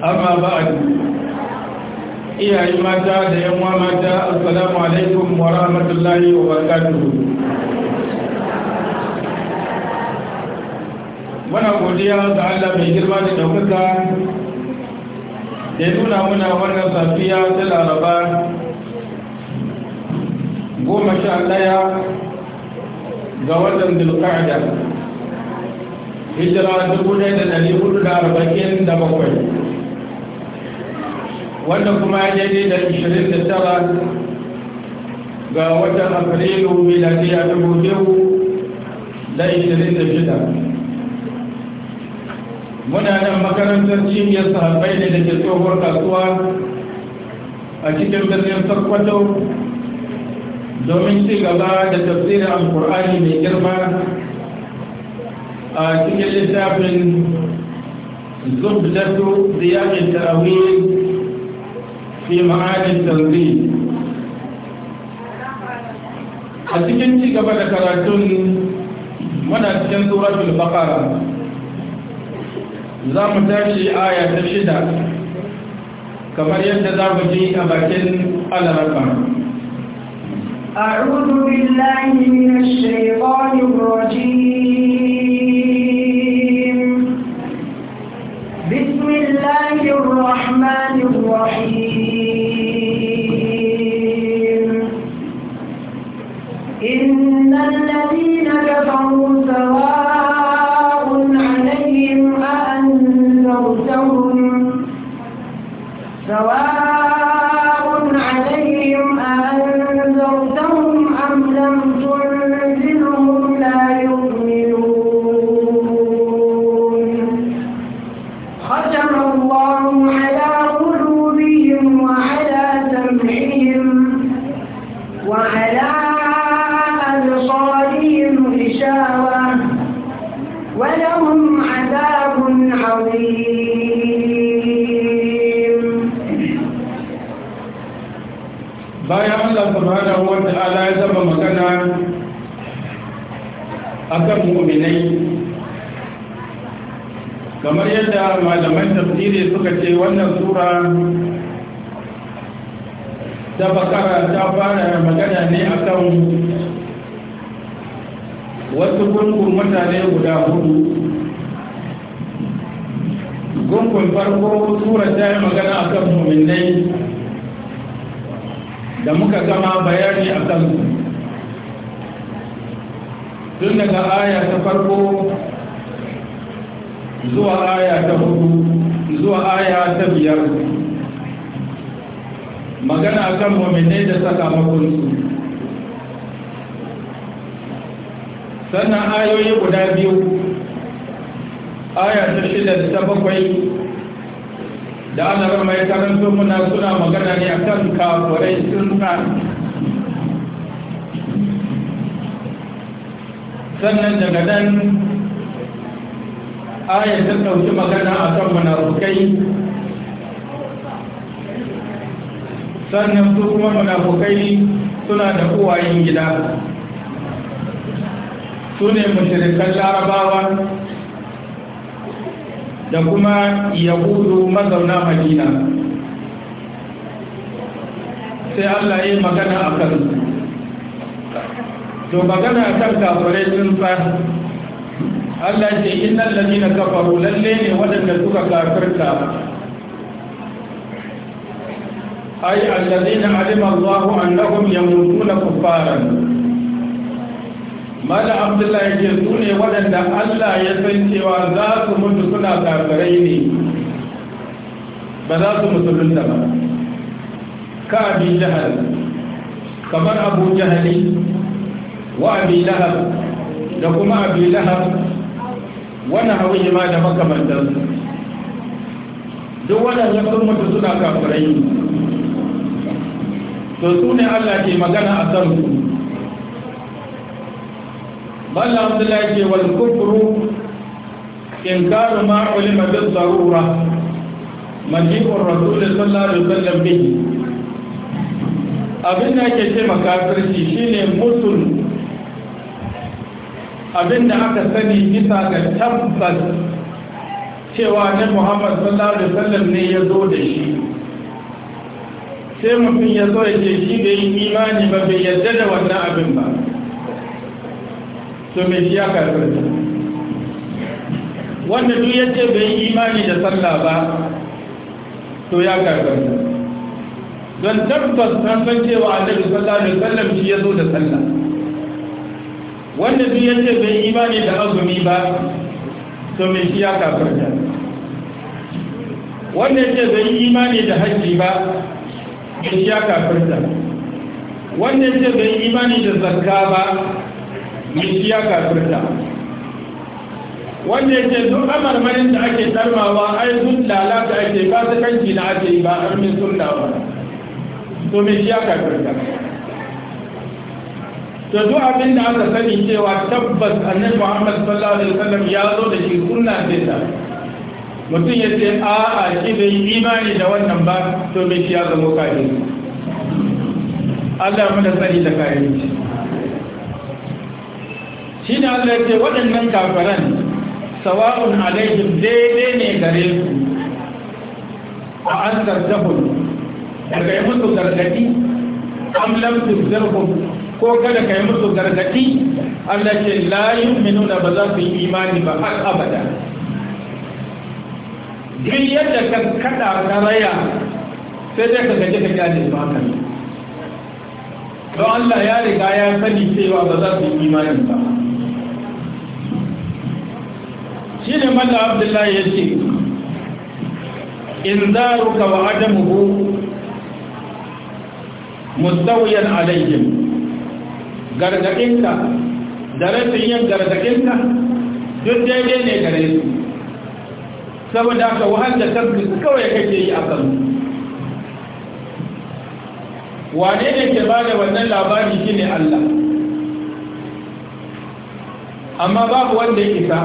amma ba'ad iyaye mata da yan uwa mata assalamu alaikum wa rahmatullahi wa barakatuh muna godiya ga Allah mai girma da daukaka da ya nuna muna wannan safiya ta laraba goma sha ɗaya ga watan dulkada hijira dubu da wanda kuma ya daidai da 29 ga watan afrilu miladiya 2026 muna nan makarantar cibiyar sahabbai ne da ke tsohuwar kasuwa a cikin birnin sarkwato domin ci gaba da tafsirin alkur'ani mai girma a cikin littafin zubdatu ziyarar tarawih fi ma'adin tanzi a cikin ci gaba da karatun muna cikin suratul baqara za mu tashi aya ta shida kamar yadda za mu ji a bakin alarama أعوذ بالله من الشيطان الرجيم بسم الله الرحمن الرحيم wannan sura ta bakara ta fara magana ne akan wasu gungun mutane guda hudu gungun farko sura ta yi magana akan mummunai da muka gama bayani a su, tun daga aya ta farko zuwa aya ta hudu zuwa aya ta biyar magana kan mominai da sakamakonsu sannan ayoyi guda biyu aya ta shida da ta bakwai da ana rama ya karanto muna suna magana ne akan kafurai sun sannan daga nan aya ta ɗauki magana a kan sannan su kuma munafukai suna da uwayen gida su ne mashirikan larabawa da kuma yahudu mazauna madina sai allah yi magana a kan to magana a kan kafirai sun Allah ce innal ladina kafaru lalle ne waɗanda suka kafirta ay alladina alima Allah annahum yamutuna kuffaran mala abdullahi ce su ne waɗanda Allah ya san cewa za su mutu suna kafirai ne ba za su musulunta ba ka abi jahal kamar abu jahali wa abi lahab da kuma abi lahab wannan hawi ma da makamantarsu duk waɗanda sun mutu suna kafirai to su ne Allah ke magana a kansu balla abdullahi ke wal kufru inkaru ma ulima bis darura majibur rasul sallallahu alaihi wasallam bihi abin da yake ce makafirci shine musul abinda aka sani bisa ga tabbas cewa ne muhammad sallallahu alaihi wasallam ne ya zo da shi sai mutum ya zo ya ce shi da yi imani ba bai yarda da wannan abin ba to mai ya karfarta wanda duk ya ce bai yi imani da sallah ba to ya karfarta don tabbas na san cewa annabi sallallahu alaihi wasallam shi ya zo da sallah wanda duk yace bai imani da azumi ba to me shi ya kafirta wanda yace bai imani da hajji ba me shi ya kafirta wanda yace bai imani da zakka ba me shi ya kafirta wanda yace duk amarmarin da ake tarmawa ai duk lalata ake ba su kanki na ake ba har min sunna ba to me shi ya kafirta to duk abin da aka sani cewa tabbas annabi Muhammad sallallahu alaihi wasallam ya zo da shi kunna ce ta mutum ya ce a a shi bai imani da wannan ba to me shi ya zama kafin Allah ya da sani da kayan shi shi ne Allah ya ce waɗannan kafaran sawa'un alaihim daidai ne gare su a an zartahun daga yi musu gargaɗi am lam tuzarhum ko kada ka yi musu gargaɗi Allah ce layin minuna ba za su yi imani ba har abada duk yadda ka kada ka raya sai dai ka gaje ka gane ba ka don Allah ya riga ya sani cewa ba za su yi imani ba shi ne malla abdullahi ya ce in za zaruka wa adamuhu mustawiyan alayhim gargaɗinka da rashin yin gargaɗinka duk daidai ne gare su saboda ka wahal da tabbis kawai kake yi a kan wane ne ke ba da wannan labari shi ne Allah amma babu wanda ya isa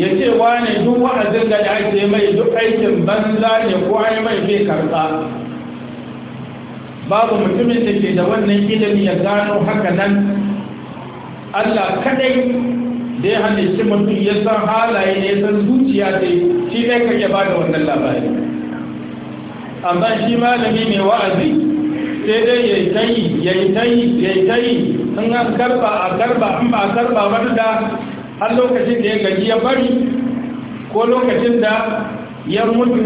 ya ce wane duk wa'azin da ya ce mai duk aikin banza ne ko ai mai ke karɓa babu mutumin da ke da wannan ilimin ya gano haka nan Allah kadai da ya shi mutum ya san halaye ne ya san zuciya dai shi ne ka ba da wannan labari amma shi malami mai wa'azi sai dai ya yi yi ya yi yi ya yi yi in an karba a karba in ba a karba wanda har lokacin da ya gaji ya bari ko lokacin da ya mutu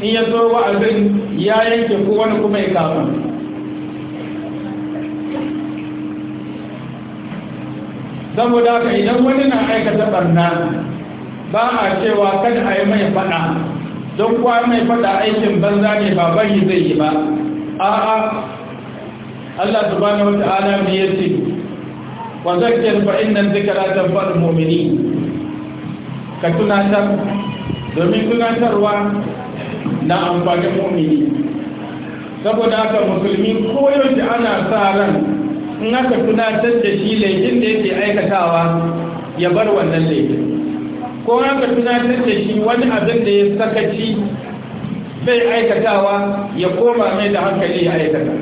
in ya zo wa'azin ya yanke ko wani kuma ya kama saboda haka idan wani na aikata barna ba a cewa kada a yi mai fada don kuwa mai fada aikin banza ne ba bari zai yi ba a'a Allah subhanahu wata'ala ne yi. ce wa zakkir fa inna dhikra tanfa'ul mu'minin ka tunatar domin tunatarwa na amfani mu'mini saboda haka musulmi koyon ana sa ran in aka tunatar da shi laifin da yake aikatawa ya bar wannan laifin ko in aka tunatar da shi wani abin da ya sakaci bai aikatawa ya koma mai da hankali ya aikata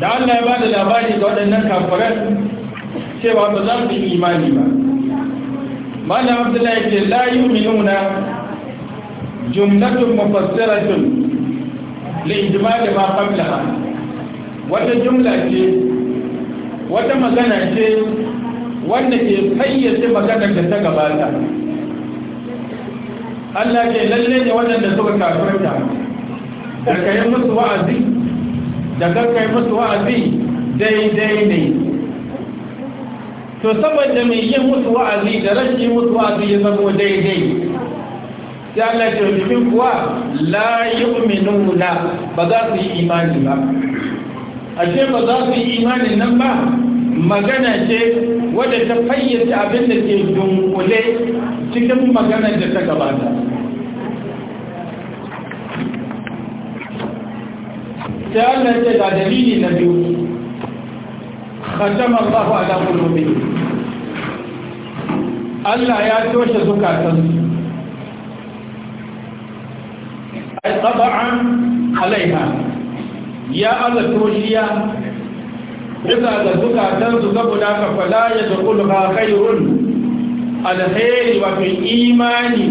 da Allah ya bada da labari ga waɗannan kafiran cewa ba za su yi imani ba malam abdullahi ke la yu'minuna jumlatun mafassiratun لإجمال ما قبلها وتجملة wata magana ce wanda ke fayyace magana da ta gabata Allah ke lalle ne waɗanda suka kafirta da kai musu wa'azi da kai musu wa'azi daidai ne to saboda mai yi musu wa'azi da rashin musu wa'azi ya zama daidai sai Allah ya domin kuwa la yu'minuna ba za su yi imani ba ce ba za su yi imanin nan ba magana ce wadda ta fayyace abin da ke dunkule cikin magana da ta gabata sai Allah ce ga dalili na biyu khatama Allahu ala qulubihim Allah ya toshe zukatansu ai taba'an alaiha ya Allah toshiya bisa ga zukatan su saboda ka fala ya dukul ha khairun alheri wa fi imani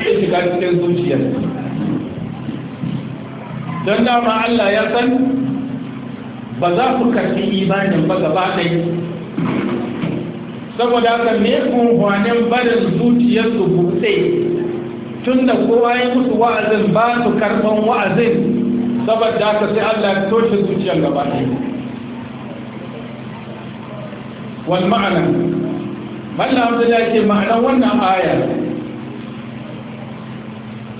cikin zuciyar don dama Allah ya san ba za imanin ba saboda haka me kun barin zuciyarsu buɗe tun da kowa ya mutu wa'azin ba su karɓan wa'azin saboda haka sai Allah ya toshe zuciyar gaba wal ma'ana mallam da yake ma'anar wannan aya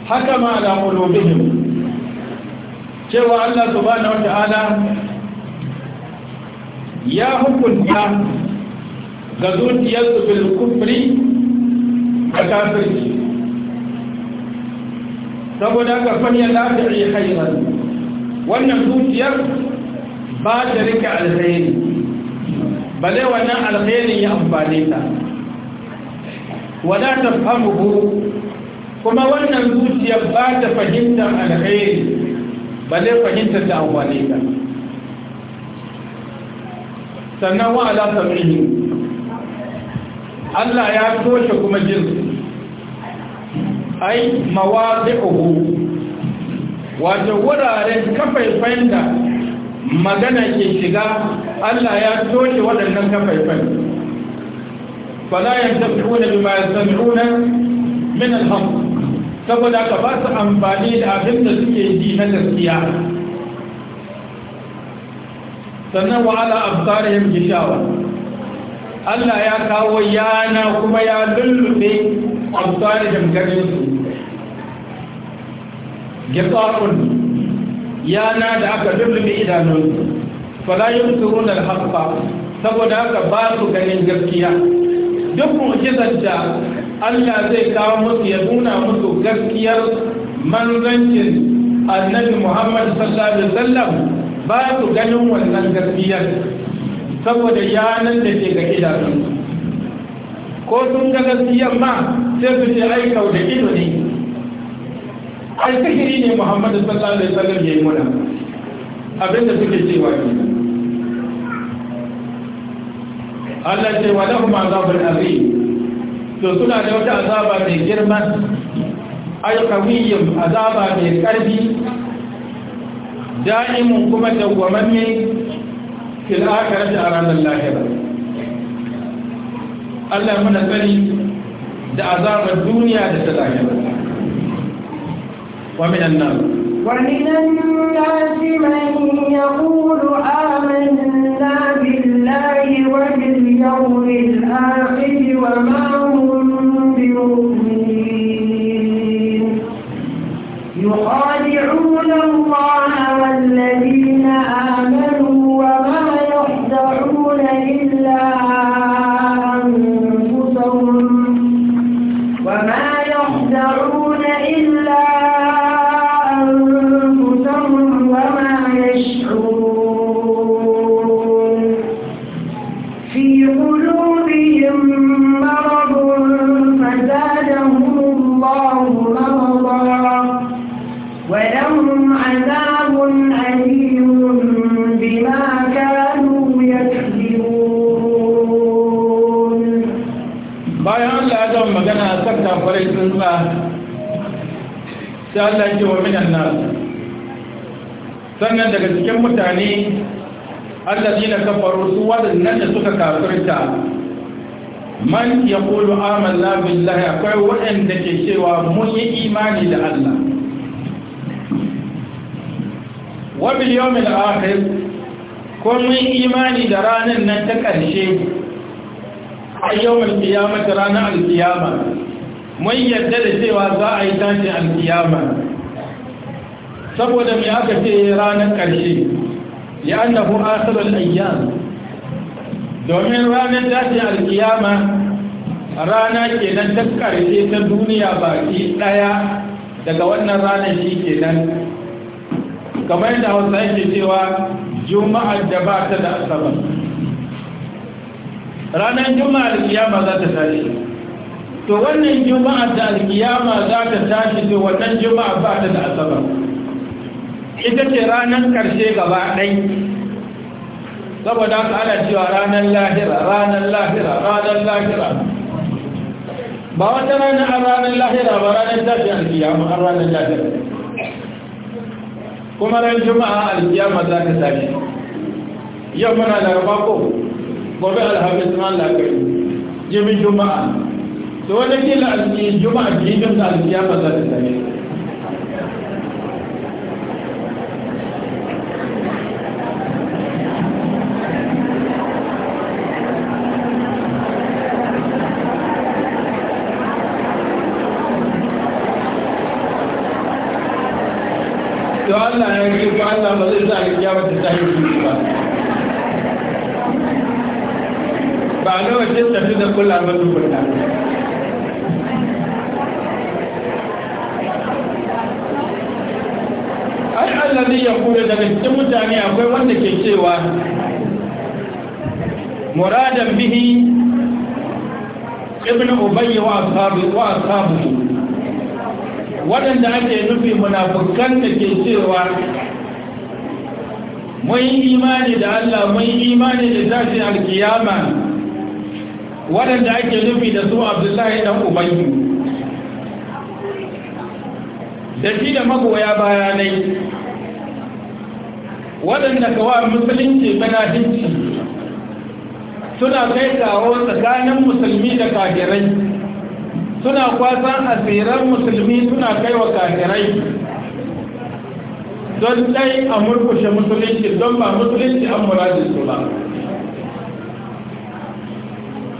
haka ma ala qulubihim cewa Allah subhanahu wata'ala ya hukunta ga zuciyarsu bil kufri da kafirci saboda haka fanya lafi'i khairan wannan dukiyar ba ta rike alkhairi bale wannan alkhairin ya amfane ta wala tafhamuhu kuma wannan zuciyar ba ta fahimtar alkhairi bale fahimtar da amfane ta sannan wa ala sam'ihi Allah ya toshe kuma jinsu ai mawazi'uhu wato wuraren kafaifan da magana ke shiga Allah ya toshe waɗannan kafaifan fala yantafi'una bima yasmi'una min al-haqq saboda ka ba su amfani da abin da suke ji na gaskiya sannan wa ala absarihim gishawa Allah ya kawo yana kuma ya lullube absarihim ganin su ya yana da aka lullube idanun fala yin turun alhaƙa saboda aka ba su ganin gaskiya duk mu'jizar da Allah zai kawo musu ya nuna musu gaskiyar manzancin annabi Muhammad sallallahu alaihi wasallam ba su ganin wannan gaskiyar saboda yanan da ke ga idanun ko sun ga gaskiyar ma sai su ce aikau da ido ne alkahiri ne muhammadu sallallahu alaihi wasallam ya yi muna abinda suke cewa ne Allah ce wa za azabun azim to suna da wata azaba mai girma ay qawiyyun azaba mai karfi da'imun kuma dawwamamme fil akhirati a ranar lahira Allah muna sani da azabar duniya da ta lahira ومن الناس ومن الناس من يقول آمنا بالله وباليوم الآخر وما هم بمؤمنين يخادعون الله والذين آمنوا addu'a sai Allah ya wa minan nas sannan daga cikin mutane allazina kafaru su wadannan da suka kafirta man ya kulu amanna billahi akwai waɗanda ke cewa mun yi imani da Allah wa bil yawmil akhir ko mun yi imani da ranar nan ta ƙarshe a yawmil qiyamah ranar al-qiyamah mai yadda da cewa za a yi tashi alkiyama saboda mai aka ce ranar ƙarshe ya annahu asirin ayyam domin ranar tashi alkiyama rana nan ta ƙarshe ta duniya baki ɗaya daga wannan ranar shi kenan kamar yadda hausa yake cewa juma'ar da ba ta da asabar ranar juma'ar kiyama za ta tashi to wannan juma'a ta alkiyama za ta tashi to wannan juma'a ba ta da asabar ita ce ranar ƙarshe gaba ɗai saboda haka ana cewa ranar lahira ranar lahira ranar lahira ba wata ranar a ranar lahira ba ranar tashi alkiyama a ranar lahira kuma ran juma'a alkiyama za ta tashi yau muna da ko gobe alhamis ma lafiya jimin juma'a to wani kila alki juma'a bidin da alkiyama za ta tafi to Allah ya yi ko Allah ba zai sa alkiyama ta tafi ba ba lokacin tafi da kula ba tukunna cewa muradan bihi ibn ubayy wa ashabu wa ashabu wadanda ake nufi munafikan da ke cewa mun imani da Allah mun imani da tashin alkiyama wadanda ake nufi da su Abdullahi dan ubayy da shi da magoya bayanai waɗanda kawa musulunci hinci suna kai kawo tsakanin musulmi da kafirai suna kwasan asirar musulmi suna kai wa kafirai don dai a murkushe musulunci don ba musulunci an muradin su ba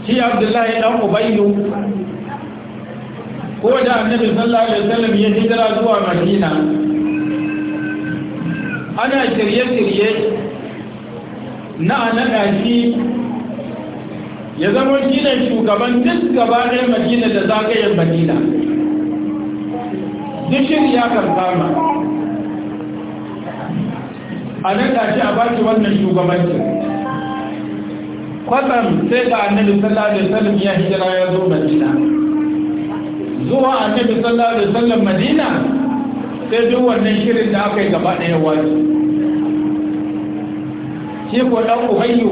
shi abdullahi ɗan ubayyu ko da annabi sallallahu alaihi wasallam ya hijira zuwa madina ana shirye-shirye na naɗa shi ya zama shi shugaban duk gaba ɗaya madina da zagayen madina duk shirya kan kama a naɗa shi a baki wannan shugabancin kwatsam sai ga annabi sallallahu alaihi wasallam ya hijira ya zo madina zuwa annabi sallallahu alaihi wasallam madina sai duk wannan shirin da aka yi gaba ɗaya wani shi ko ɗan ubayyu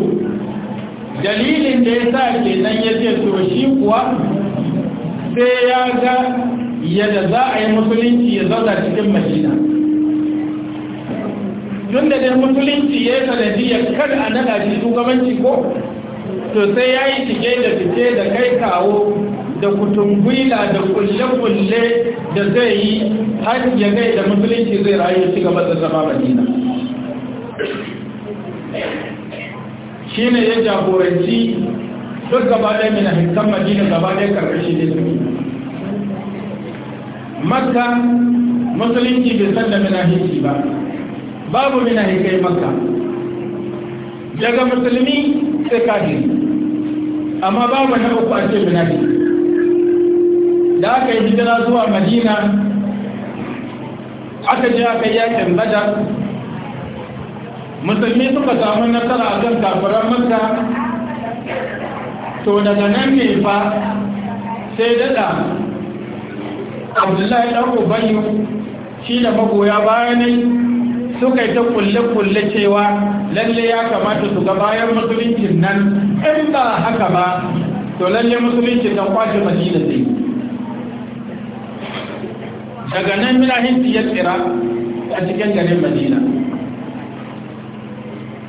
dalilin da ya sa ke nan ya ce to shi kuwa sai ya ga yadda za a yi musulunci ya zauna cikin madina tun da dai musulunci ya yi ya kar a naɗa shi shugabanci ko to sai ya yi cike da fice da kai kawo da kutungwila da kulle-kulle da zai yi har ya gai da musulunci zai rayu ci gaba da zama madina shi ne ya jagoranci duk gaba ɗaya mina hikan madina gaba ɗaya karkashi ne su makka musulunci bai san da mina hiki ba babu mina hikai makka daga musulmi sai kaji amma babu na uku a ce mina hiki da aka yi hijira zuwa madina aka je aka yi yakin badar musulmi suka samu nasara a kan kafiran maka to daga nan ne fa sai dada abdullahi ɗan ubayu shi da magoya bayanai suka yi ta kulle-kulle cewa lalle ya kamata su ga bayan musuluncin nan in ba haka ba to lalle musulunci ta kwashe madina daga nan mina hinti ya tsira a cikin garin madina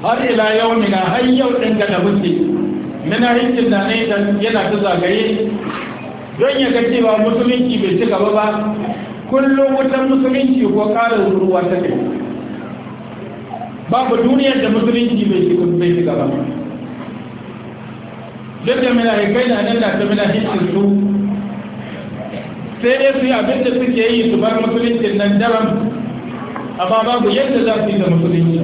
har ila yau mina har yau ɗin ga da muke mina hinti da ne yana ta zagaye don ya ga cewa musulunci bai ci gaba ba kullum wutan musulunci ko ƙara ruwa ta kai babu duniyar da musulunci bai ci gaba duk da mina kai na nan da ta mina hinti su sai dai su yi abin da suke yi su bar musuluncin nan daram amma babu yadda za su yi da musulunci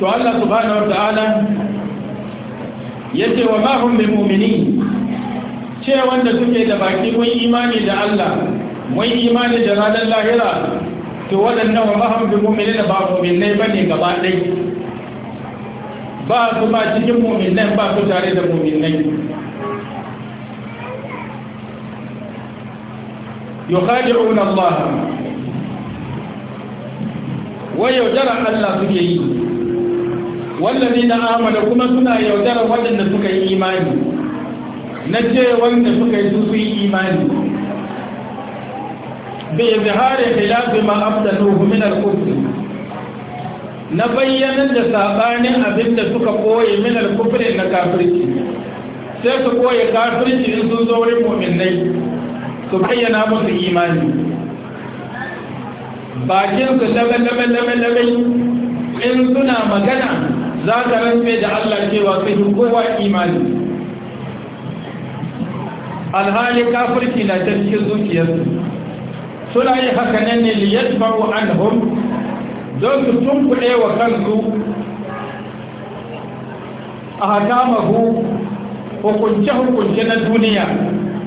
to Allah subhanahu wa ta'ala yace wa ma hum bimu'minin ce wanda suke da baki mun imani da Allah mun imani da ranar lahira to waɗannan wa maham bi mu'minin ba ba bane gaba dai ba su ba cikin mu'minin ba su tare da mu'minin yukhadi'un Allah wa yaudara Allah suke yi wallazi na amana kuma suna yaudara waɗanda suka yi imani na ce wanda suka yi su yi imani bi izhari khilafi ma abdaluhu min al-kufr na bayyanar da sabanin abinda suka koye min al na kafirci sai su koye kafirci sun zo wurin mu'minai su bayyana musu imani bakinsu labe-labe-labe in suna magana za ta rantse da Allah cewa su yi kowa imani alhali kafirki na ta cikin zuciyarsu suna yi Hakanan ne liyar faru an don su tunkuɗe wa kansu a hatamahu hukunce-hukunce na duniya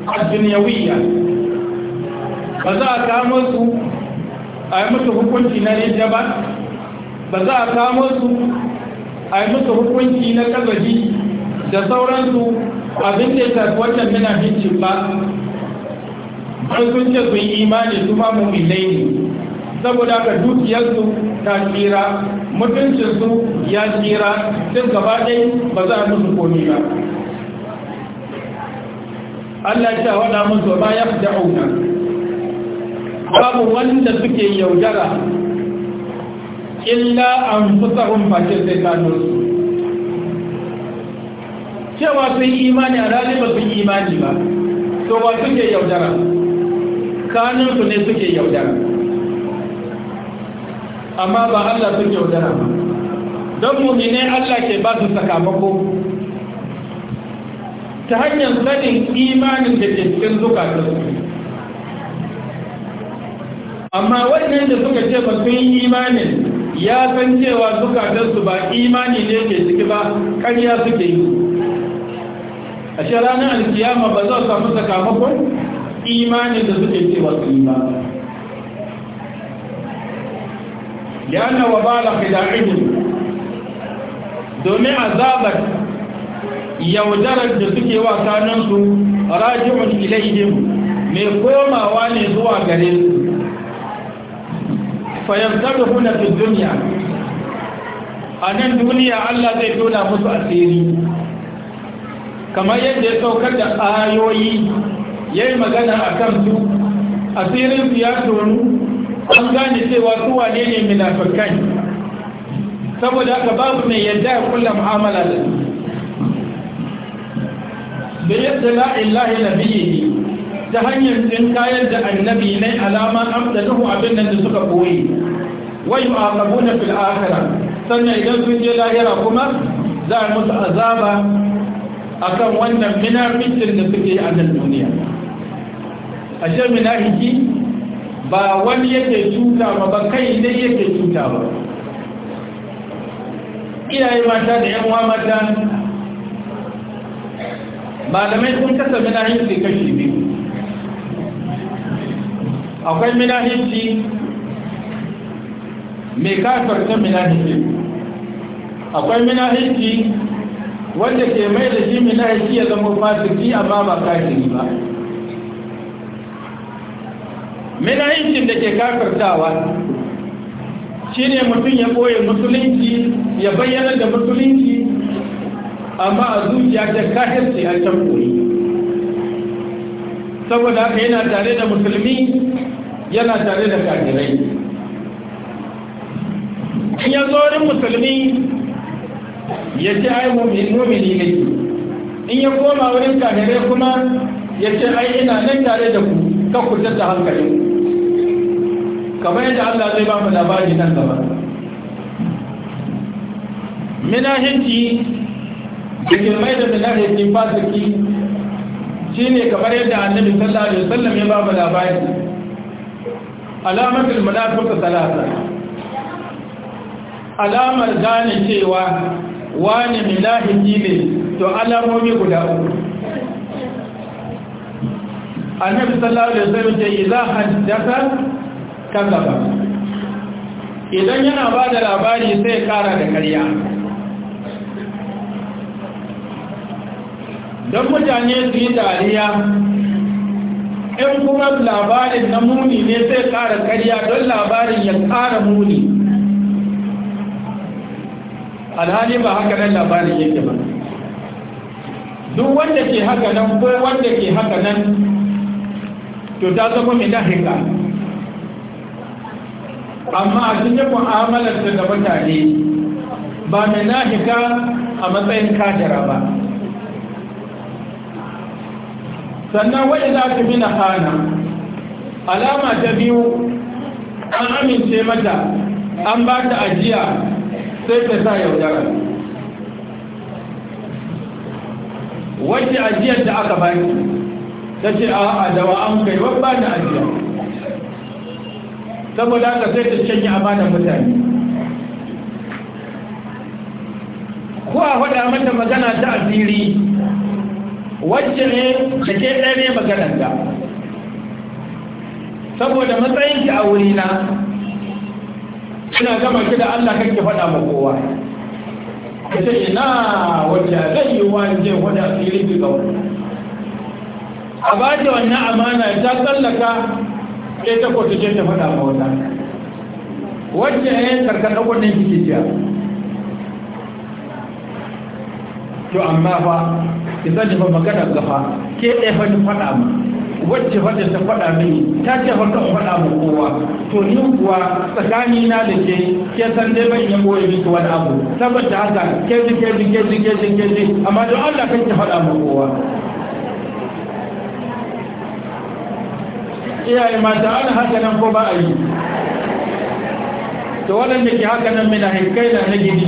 a duniyawiyya ba za a kama su a yi musu hukunci na rijiya ba ba za a kama su a yi musu hukunci na kazaji da sauransu abin da ya tafi mina hincin ba an sun ce sun imani su ma mu'minai ne saboda ka dukiyarsu ta tsira mutuncinsu ya tsira sun gaba ɗai ba za a musu komi ba Allah ya ce a waɗa musu ba ya fi da'auna babu wanda suke yaudara illa an fusahun bakin sai kano su cewa sun imani a rani ba sun imani ba to ba suke yaudara kanin su ne suke yaudara amma ba Allah sun yaudara ba don mummine Allah ke ba su sakamako ta hanyar sanin imanin da ke cikin zukatarsu amma wannan da suka ce ba sun yi imanin ya san cewa zukatansu ba imani ne ke ciki ba ƙarya suke yi a shi ranar alkiyama ba za su samu sakamakon imanin da suke cewa su yi ba yana wa ba da domin azabar yaudarar da suke wa sanansu rajin ilayhim mai komawa ne zuwa gare su fayabtaghuna fi duniya a nan duniya Allah zai tona musu asiri kamar yadda ya saukar da ayoyi ya yi magana akan su asirin su ya tonu an gane cewa suwa ne ne munafikai saboda aka babu mai yadda ya kulla mu'amala da su da yadda la na illallah ta hanyar tsin kayan da annabi ne alama amsaluhu abin nan da suka koyi wa yu'aqabuna fil akhirah sannan idan sun je lahira kuma za a musu azaba akan wannan minafikin da suke a nan duniya a ce minafiki ba wani yake cuta ba ba kai ne yake cuta ba iyaye mata da yan mata malamai sun kasa minafiki kashi biyu akwai minahinci mai ta minahinci akwai minahinci wanda ke mai da shi minahinci ya zama fasiki amma ba kafiri ba minahincin da ke tawa shi ne mutum ya ɓoye musulunci ya bayyana da musulunci amma a zuciya ta kafirci a can koyi saboda haka yana tare da musulmi yana tare da kafirai in ya zo musulmi ya ce ai mumini ne in ya koma wurin kafirai kuma ya ce ai ina nan tare da ku ta ku tattara hankalin kamar yadda Allah zai ba mu labari nan gaba minahinci da girmai da minahinci fasiki shi ne kamar yadda annabi sallallahu alaihi wasallam ya ba mu labari alamatul munafiq salasa alamar gane cewa wani munafiki ne to alamomi guda uku annabi sallallahu alaihi wasallam ce idza haddatha kadzaba idan yana ba da labari sai kara da ƙarya don mutane su yi dariya in kuma labarin na muni ne zai ƙara ƙarya don labarin ya ƙara muni alhali ba haka nan labarin yake ba duk wanda ke haka nan ko wanda ke haka nan to ta zama mai dahika amma a cikin mu'amalar da mutane ba mai nahika a matsayin kajara ba sannan wani za ta bi na hana alama ta biyu an amince mata an ba ta ajiya sai ta sa yaudara wacce ajiyar da aka baki ta ce a adawa an kai wani ba ta ajiya saboda haka sai ta canye amanar mutane ko a faɗa mata magana ta asiri wacce ne da ke ɗaya ne maganarta saboda matsayinki a wurina suna gama ki da Allah kake faɗa ma kowa ka ce ina wacce zai yi wa je su yi ki ga a ba ta wannan amana ta tsallaka ke ta kotu ce ta faɗa ma wata wacce ne karkata kwanan kike jiya to amma fa ki zan ba magana gafa ke ɗaya fa faɗa mu wacce da ta faɗa mini ta ce wadda ta faɗa mu kowa to ni kuwa tsakani na da ke ke san dai ban yi boye miki wani abu saboda haka ke ji ke ji ke ji ke ji ke ji amma don Allah kan ki faɗa mu kowa iyaye mata an haka nan ko ba a yi to da ke haka nan mina hinkai na na gidi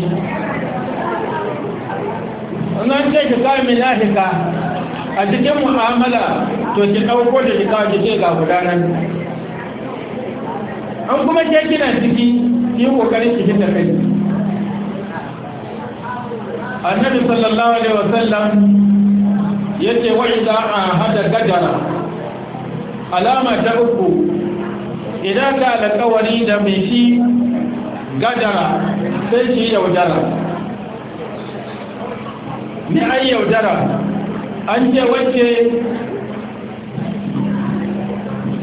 an ce ka sa min lahika a cikin mu'amala to ki ɗauko da ki kawo ki ga gudanar an kuma ke kina ciki ki kokarin ki hita kai annabi sallallahu alaihi wasallam yace wa idza ahada gajara alama ta uku idan ka alƙawari da mai shi gajara sai shi yaudara ni an yaudara an ce wacce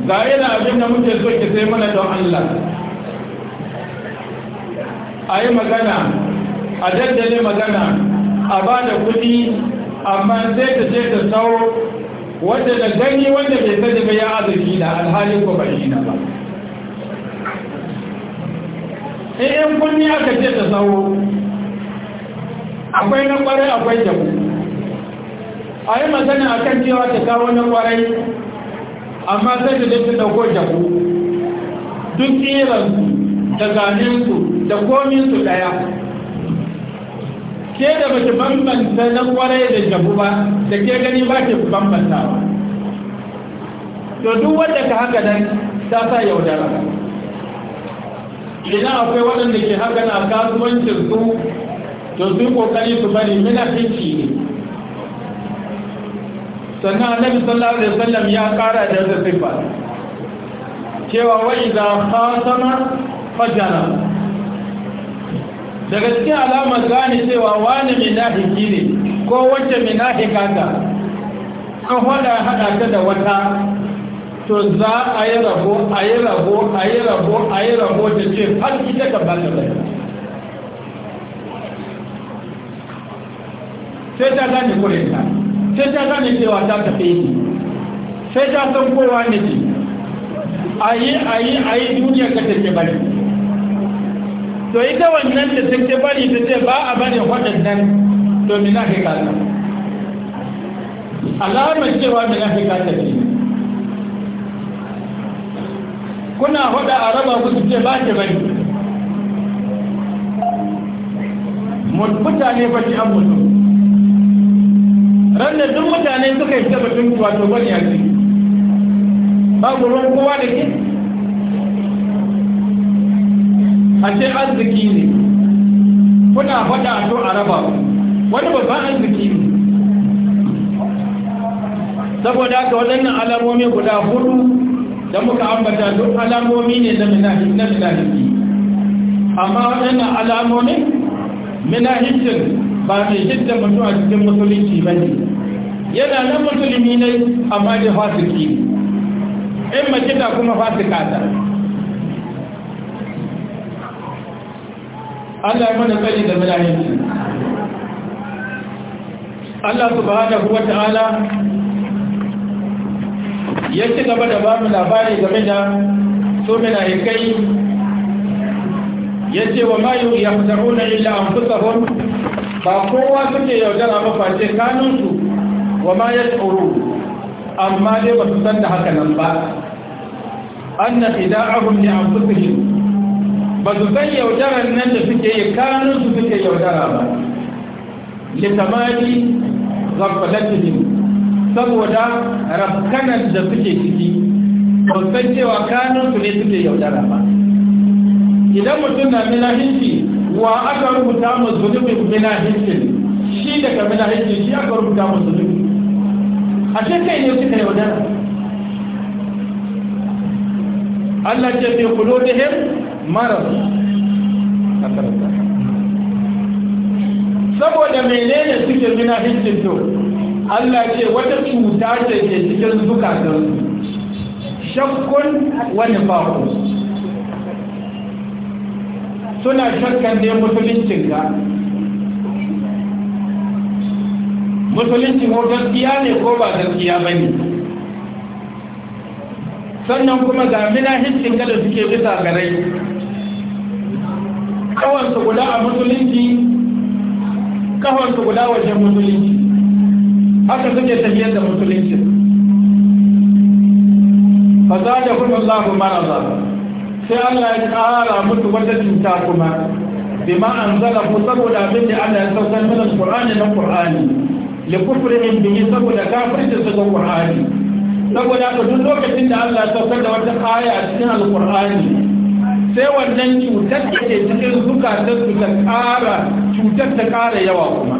ga na abin da muke so ki sai mana don Allah a yi magana a daddale magana a ba da kudi amma sai ta ce ta sauro wadda da gani wanda bai sani ba ya arziki da alhalin ko ba shi na ba eh, in kunni aka ce ta sauro akwai na kwarai akwai jabu a yi magana a kan cewa ta kawo na kwarai amma sai da duk dauko jabu duk tsiran da ganinsu da kominsu daya ke da mace bambanta na kwarai da jabu ba da ke gani ba ki bambantawa to duk wadda ka haka nan ta sa yaudara idan akwai waɗanda ke haka na kasuwancin su to sun kokari su bari munafici ne sannan annabi sallallahu alaihi wasallam ya kara da wata sifa cewa wa idza khasama fajana daga cikin alama gane cewa wani munafiki ne ko wacce munafika ta an hada hada ta da wata to za a yi rabo a yi rabo a yi rabo a yi rabo ta ce har ita ta ba ta sai ta gane kurinta sai ta gane cewa ta tafi yi sai ta san ne ce a yi a duniya ka take bari to ita wannan da take bari ta ce ba a bari waɗannan to mina kai kasa alamar cewa mina kai kasa ce kuna faɗa a raba ku su ce ba ki bari mutane ba an mutum ranar duk mutane suka yi tabbatin wato wani a ciki babu ruwan kowa da ke a ce arziki ne kuna faɗa a to a raba wani babban arziki ne saboda haka waɗannan alamomi guda hudu da muka ambata duk alamomi ne na minahiki amma waɗannan alamomin minahicin ba mai hidda mutum a cikin musulunci ba ne yana nan musulmi ne amma dai fasiki in mace ta kuma fasika ta Allah ya mana tsari da mulayenci Allah subhanahu wa ta'ala ya ci gaba da ba mu labari game da so mina kai ya ce wa mayu ya fitaruna illa an fusahun ba kowa suke yaudara mafashe kanunsu wa ma ya tsoro amma dai ba su san da haka nan ba an na fi da'ahun ya shi. ba su san yaudaran nan da suke yi kanunsu suke yaudara ba litamani zarfalatihim saboda rafkanan da suke ciki ba su san cewa kanunsu ne suke yaudara ba idan mutum na milahinci wa aka rubuta ma mina hinkin shi daga mina hinkin shi aka rubuta ma a ce kai ne suka yaudara Allah ce bai kudo da him marar a karanta saboda menene suke mina hinkin to Allah ce wata cuta ce ke cikin zukatansu shakkun wani fako suna shakkan ne ga musulunci ko gaskiya ne ko ba gaskiya ba ne sannan kuma ga hiskin da suke bisa garai kawansu guda a musulunci kawansu guda wajen musulunci haka suke tafiyar da musulunci fa za da kuma Allah mara zaba sai Allah ya kara musu wata cuta kuma bima anzala ku saboda abin da Allah ya saukar min alqur'ani na qur'ani li kufrihim bi saboda kafirci su ga qur'ani saboda ka duk lokacin da Allah ya saukar da wata aya cikin alqur'ani sai wannan cutar da ke cikin zukatan su ta kara cutar ta kara yawa kuma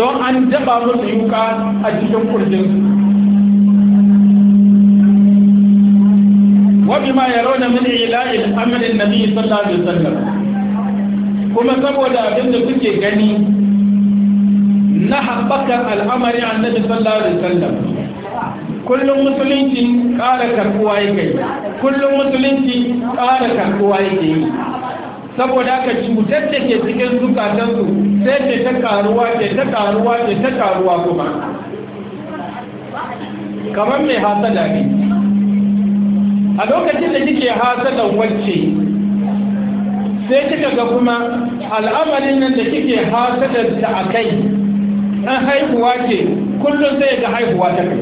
don an daba musu yuka a cikin kurjinsu وبما يرون من إعلاء الأمر النبي صلى الله عليه وسلم كما سبب أبن كتي gani na الأمر عن النبي صلى الله عليه وسلم kullum musulunci ƙara karkuwa yake kullum musulunci ƙara karkuwa yake yi saboda haka cutar da ke cikin zukatansu sai ke ta karuwa ke ta karuwa ke ta karuwa kuma kamar mai hasada ne a lokacin da kike hasadan wacce sai kika ga kuma al'amarin nan da kike hasadar ta a kai ɗan haihuwa ce kullum sai ga haihuwa ta kai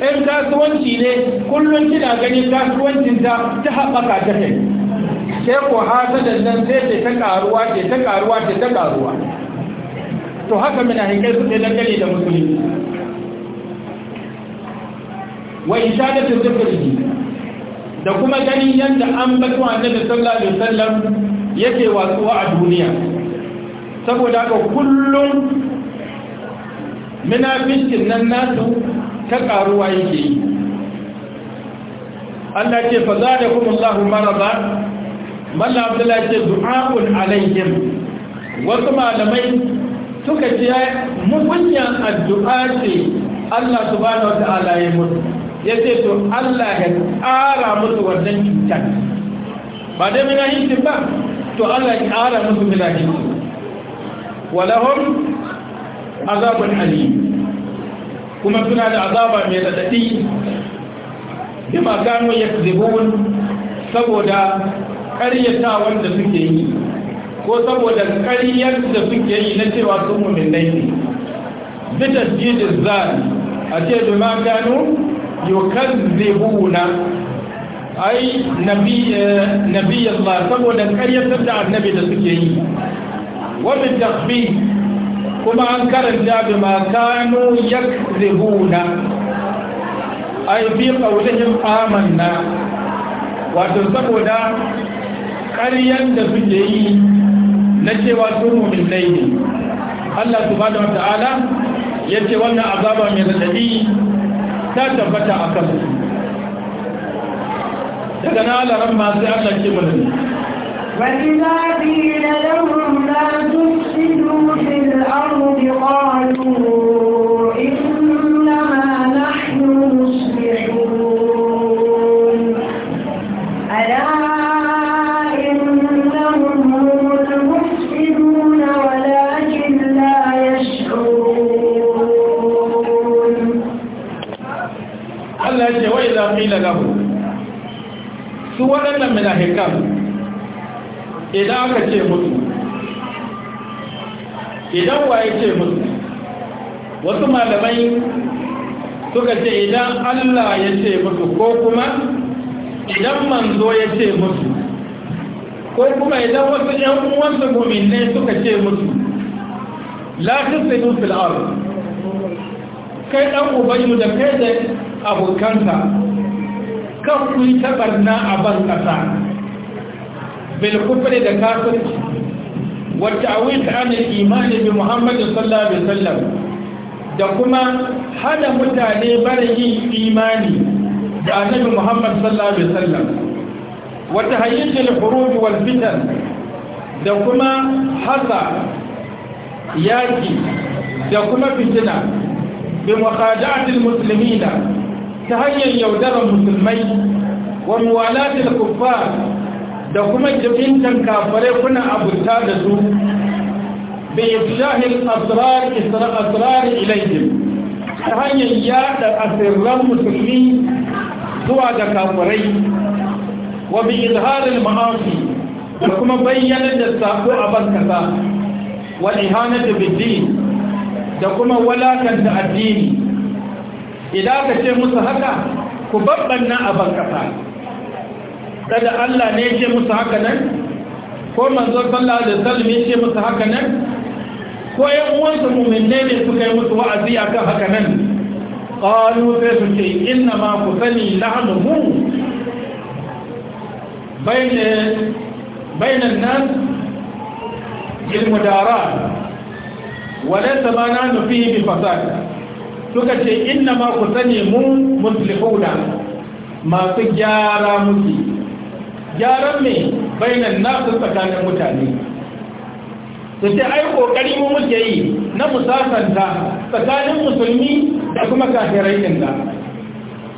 ɗan kasuwanci ne kullum kina ganin kasuwancin ta ta haɓaka ta kai sai ko hasadar nan sai ce ta ƙaruwa ce ta ƙaruwa ce ta ƙaruwa to haka mina hinkai su ɗaya dangane da musulmi wa ishadatu dhikrihi da kuma ganin yadda an batu annabi sallallahu alaihi wasallam yake watsuwa a duniya saboda haka kullum munafikin nan nasu ta karuwa yake yi Allah ce fa za da kuma Allahu maraba Malla Abdullahi ce du'a'un alaihim wasu malamai suka ce mugunyan addu'a ce Allah subhanahu wa ta'ala ya mutu ya ce to Allah ya ƙara musu wannan cutar ba dai minahincin ba to Allah ya ƙara musu minahincin walahun azabun ali kuma suna da azaba mai raɗaɗi bima gano ya saboda ƙaryatawan da suke yi ko saboda ƙaryar da suke yi na cewa sun mumin ne bitar jijin zan a ce bima gano yukazzibuna ai nabi Allah saboda karyatar da annabi da suke yi wani takbi kuma an karanta bi ma kanu yakzibuna ai fi qawlihim amanna wato saboda ƙaryan da suke yi na cewa sun mu'minai ne Allah subhanahu wa ta'ala yace wannan azaba mai radadi ta tabbata a kasu daga na alaran masu allake mulmi wani zafi da lauru na idan aka ce mutu idan waye ce mutu wasu malamai suka ce idan Allah ya ce mutu ko kuma idan manzo ya ce mutu ko kuma idan wasu ‘yan uwansu gominne suka ce mutu lafis da yin fil'ar kai ɗan ubayu da kai da abokanta kan kuyi yi taɓarna a ban ƙasa bil kufri da kafirci wa ta'wil an al-iman bi Muhammad sallallahu alaihi da kuma hada mutane barin yin imani da annabi Muhammad sallallahu alaihi wasallam wa tahayyij al-huruj wal fitan da kuma hasa yaki da kuma fitina bi muqada'atil muslimina ta hanyar yaudarar musulmai wa kuffar da kuma jibintan kafirai kuna abuta da su bi ifshahil ta hanyar yada asirran musulmi zuwa ga kafirai wa bi izharil ma'asi da kuma bayyana da sako a bankasa wa ihanatu da kuma walakanta addini idan ka ce musu haka ku babbanna a bankasa kada Allah ne ce musu haka nan ko manzo sallah da wasallam ne ce musu haka nan ko ƴan uwansu mu'minne ne suka yi musu wa'azi akan haka nan ƙalu sai su ce inna ma ku sani nahnu mu. bayna nan nas bil mudarat wale na nufi bi fasad suka ce inna ma ku sani mu muslihuna masu gyara muke gyaran mai bainan nasu tsakanin mutane su ce ai kokari mu muke yi na musasanta tsakanin musulmi da kuma kafirai din da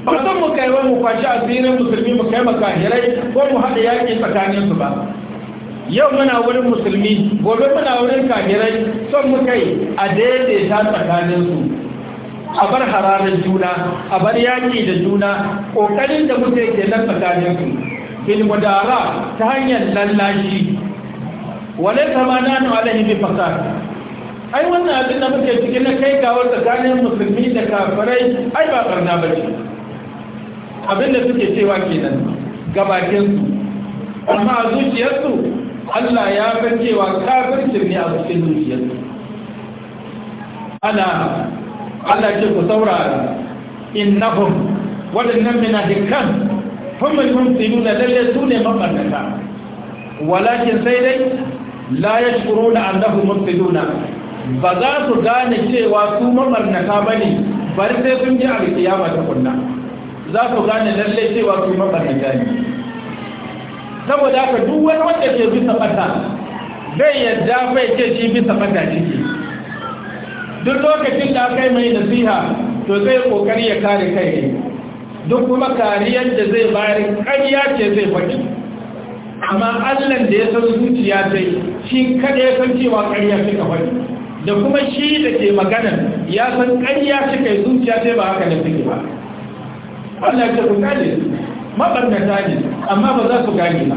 ba san mu kai wani kwashi asirin musulmi mu kai makahirai ko mu haɗa yaƙi tsakanin su ba yau muna wurin musulmi gobe muna wurin kafirai son mu kai a daidaita tsakaninsu a bar hararar juna a bar yaƙi da juna ƙoƙarin da muke ke nan tsakaninsu filmudara ta hanyar lallashi wale zamana na alaihi bi fasad ai wannan abin da muke cike na kai gawar tsakanin musulmi da kafirai ai ba barna ba ce abin da suke cewa kenan gabakin su amma a zuciyarsu Allah ya san cewa kafircin ne a cikin zuciyarsu ana Allah ce ku saurara innahum waɗannan munafikan famman yunsiru na lalle su ne mabarnata walakin sai dai la yashkuru na annahu mufsiduna ba za su gane cewa su ba ne bari sai sun ji alkiyama ta kunna za su gane lalle cewa su mabarnata ne saboda haka duk wani wanda ke bisa bata bai yadda bai ce shi bisa bata ciki duk lokacin da aka yi mai nasiha to zai kokari ya kare kai ne duk kuma kariyar da zai bari ƙarya ce zai faɗi amma allan da ya san zuciya zai shi kada ya san cewa ƙarya suka faɗi da kuma shi da ke magana ya san ƙarya suka yi zuciya zai ba haka da suke ba Allah ya ku ne, mabarnata ne amma ba za su gani ba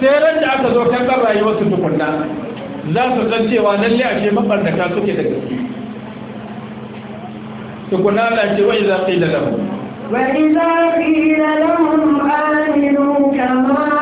sai ran da aka zo kan rayuwar su tukunna za su san cewa lalle a ce mabarnata suke da gaske تكون على أنت وإذا قيل لهم وإذا قيل لهم آمنوا كما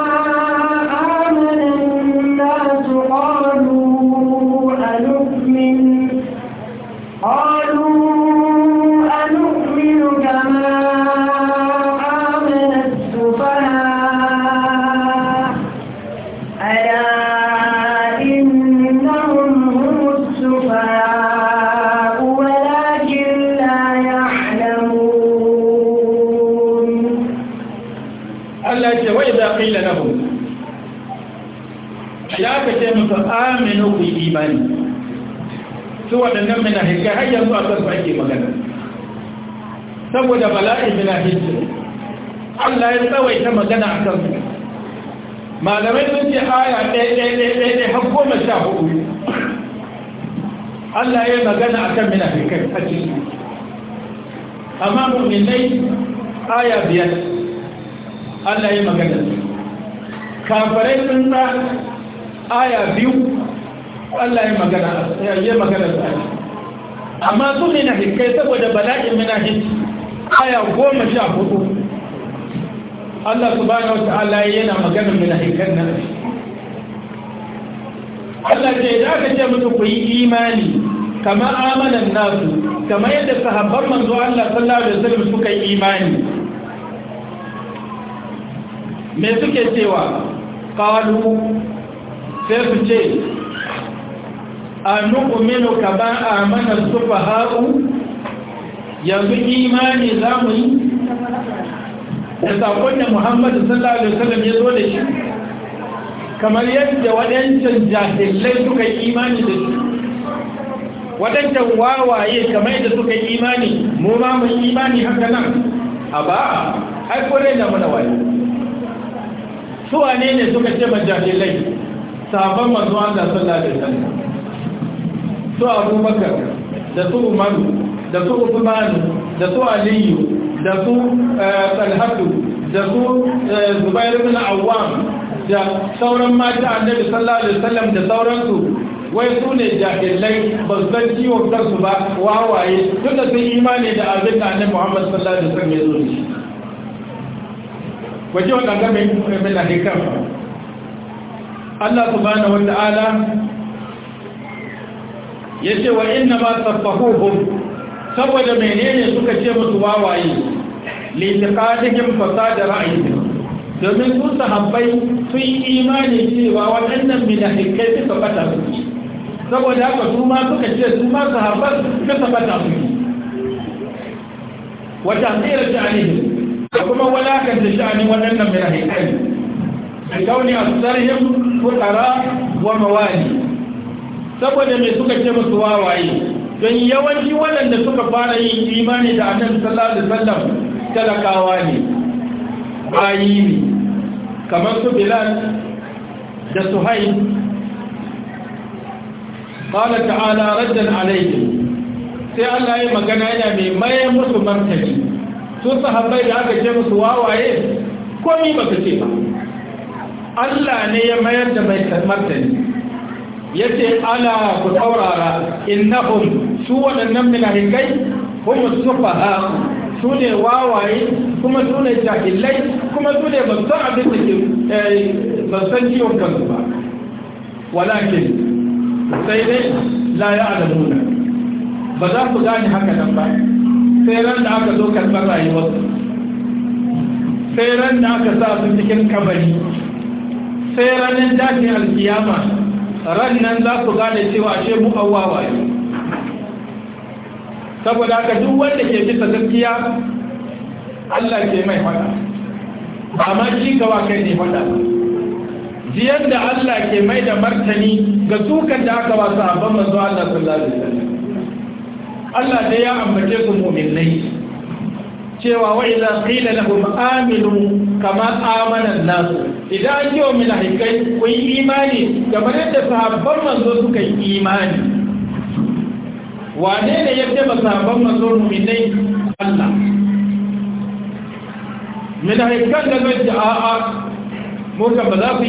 su waɗannan minahikai har yanzu a su ake magana saboda bala'in minahikai Allah ya ta magana a su malamai sun ce aya ɗaya har goma sha hudu Allah ya magana a kan minahikai a ciki amma mummunai aya biyar Allah ya magana kafarai sun aya biyu Allah ya magana ya magana da ake amma su ne na hikai saboda bala'in mina hiki aya goma sha hudu Allah subhanahu wa ta'ala yana magana mina hikan nan Allah ce da aka ce mutu ku yi imani kama amanan nasu kama yadda sahabban manzo Allah sallallahu alaihi wasallam suka yi imani me suke cewa qalu sai su ce a nukuminu ka ba a mana sufa ha'u yanzu imani za mu yi da saƙon da muhammadu sallallahu alaihi wasallam ya zo da shi kamar yadda waɗancan jahilai suka yi imani da shi waɗancan wawaye kamar yadda suka yi imani mu ma mu imani haka nan a ba a kore da muna wani su wane ne suka ce ma jahilai sabon manzo Allah sallallahu alaihi wasallam su abubakar da su umaru da su usmanu da su aliyu da su eh, talhatu da su eh, zubairu bin awam da sauran mata annabi sallallahu alaihi wasallam da sauransu wai su ne jahilai ba su san ciwon kansu ba wawaye duk da sun imani da abin da annabi muhammad sallallahu alaihi wasallam ya zo da shi waje wadanda eh, mai mina hikam Allah subhanahu wa ta'ala ya ce wa inna ba sabbahuhum saboda menene suka ce musu wawaye litiqadihim da ra'ayi. domin sun sahabbai sun yi imani cewa waɗannan minahikai suka bata suke saboda haka su ma suka ce su ma sahabban suka bata suke wa tahsira sha'anihim da kuma walakanta sha'anin waɗannan minahikai a kauni a tsarihim fuqara wa mawali saboda mai suka ce musu wawaye don yawanci waɗanda suka fara yin imani da annabi sallar da sallar talakawa ne bayi ne kamar su bilal da suhaib qala ta'ala rajin alaikin sai Allah yi magana yana mai maye musu martani su sahabbai da aka ce musu wawaye komi ba su ce ba Allah ne ya mayar da mai martani Ya ce ala ku taurara innahum su waɗannan minahinkai kuma sufaha su ne wawaye kuma su ne jahilai kuma su ne ba san abin da ke eh, ba san ciwon kansu ba walakin sai dai la ya alamuna ba za ku gane haka nan ba sai ran da aka zo karɓar rayuwarsu sai ran da aka sa su cikin kabari sai ranar dakin alkiyama ran nan za su gane cewa ashe mu awawa ne saboda ka duk wanda ke fita gaskiya Allah ke mai fada ma shi gawa kai ne fada jiyan da Allah ke mai da martani ga dukan da aka wasu abin manzo Allah sallallahu alaihi Allah dai ya ambace ku mu'minai cewa wa idza qila lahum aminu kama amana an-nasu idan an cewa milahikai ku yi imani kamar yadda sahabban manzo suka yi imani wane ne ya taɓa sahabban manzo muminai Allah milahikan da zai a'a muka ba za mu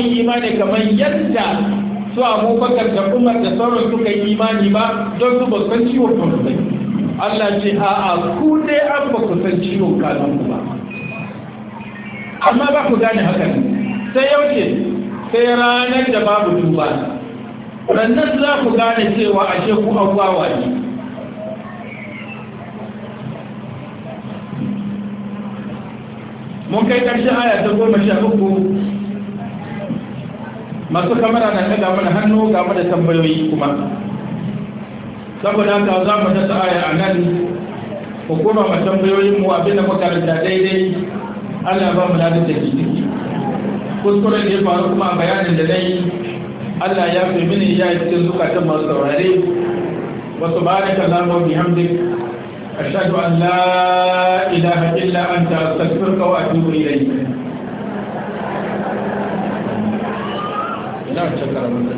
yi imani kamar yadda su abubakar da umar da sauran suka yi imani ba don su ba san ciwon kansu Allah ce a'a ku dai an ba ku san ciwon kansu ba amma ba ku gane haka sai wuce sai ranar da babu duba. rannan za ku gane cewa ashe ku abuwa ne mun kai ƙarshen aya ta goma sha uku masu kamara na gama mana hannu gama da tambayoyi kuma saboda ka za mu dasa aya a nan hukuma ma tambayoyin mu abinda muka rinta daidai Allah ba mu ladin da ke ciki kuskuren da ya faru kuma a bayanin da na yi Allah ya fi mini ya yi cikin zukatan masu saurare wasu ba da kallon wa bihamdik ashadu an la ilaha illa anta astaghfiruka wa atubu ilayk ina cikin karamin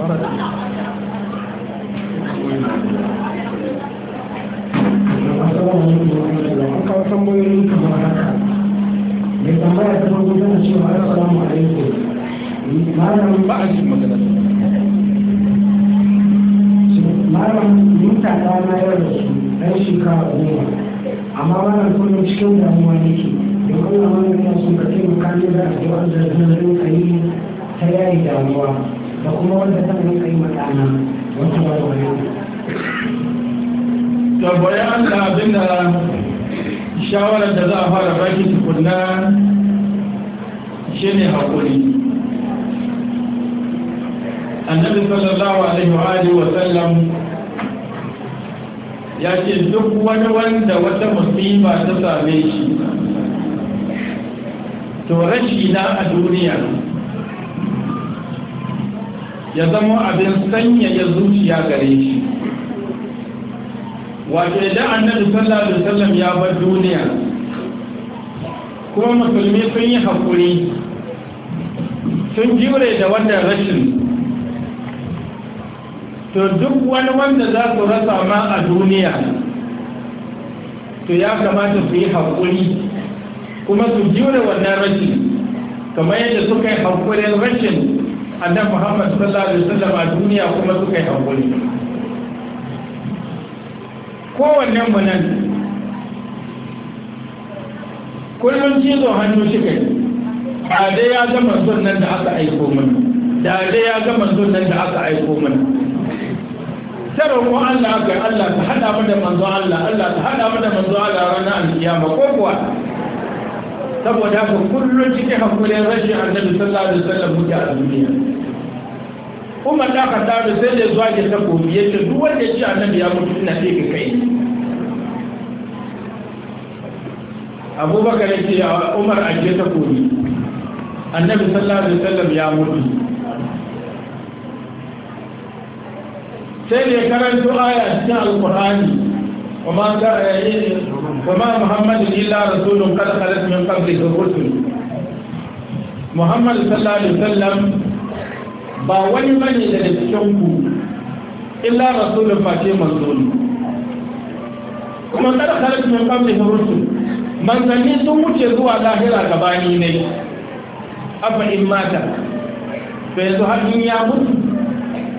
Thank you. kawo tambayoyi kamar haka mai tambaya ta farko tana cewa assalamu alaikum malam ba a cikin magana malam mutan na yau da su ɗan shekara goma amma malam kullum cikin damuwa ne ke. da kuma malam yana son ka taimaka ne da addu'ar da zan rinka yi ta yayi damuwa da kuma wanda ta zan rinka yi matsana wata ba da wani tambaya da abin da shawarar da za a fara baki tukunna shi ne haƙuri annabi sallallahu alaihi wa alihi wa sallam ya ce duk wani wanda wata musiba ta same shi to shi na a duniya ya zama abin sanyaya zuciya gare shi wato idan annabi sallallahu alaihi wasallam ya bar duniya kuma musulmi sun yi hakuri sun jure da wannan rashin to duk wani wanda za su rasa ma a duniya to ya kamata su yi haƙuri kuma su jure wannan rashin kamar yadda suka yi haƙurin rashin annabi muhammad sallallahu alaihi wasallam a duniya kuma suka yi haƙuri kowannen mu nan kullum cizon hannu shi kai dai ya ga sunan da aka aiko mana da dai ya ga sunan da aka aiko mana ta ko Allah ga Allah ta hada mu da manzo Allah Allah ta hada mu da manzo Allah ranar alkiyama ko kuwa saboda ku kullum cikin hakurin rashin annabi sallallahu alaihi wasallam muke a duniya kuma da ka tare sai da zuwa ke ta takobi ta duk wanda ya ci annabi ya mutu ina ce ka kai abubakar ce a umar a ta takobi annabi sallallahu alaihi wasallam ya mutu sai ne karanto aya cikin alkur'ani وما وما محمد إلا رسول قد خلت من قبله الرسل محمد صلى الله عليه وسلم ba wani bane daga cikin ku illa rasulun face manzoni kuma kada kharaj min qabli rusul manzanni sun wuce zuwa lahira gabani ne afa in mata fa yanzu har in ya mutu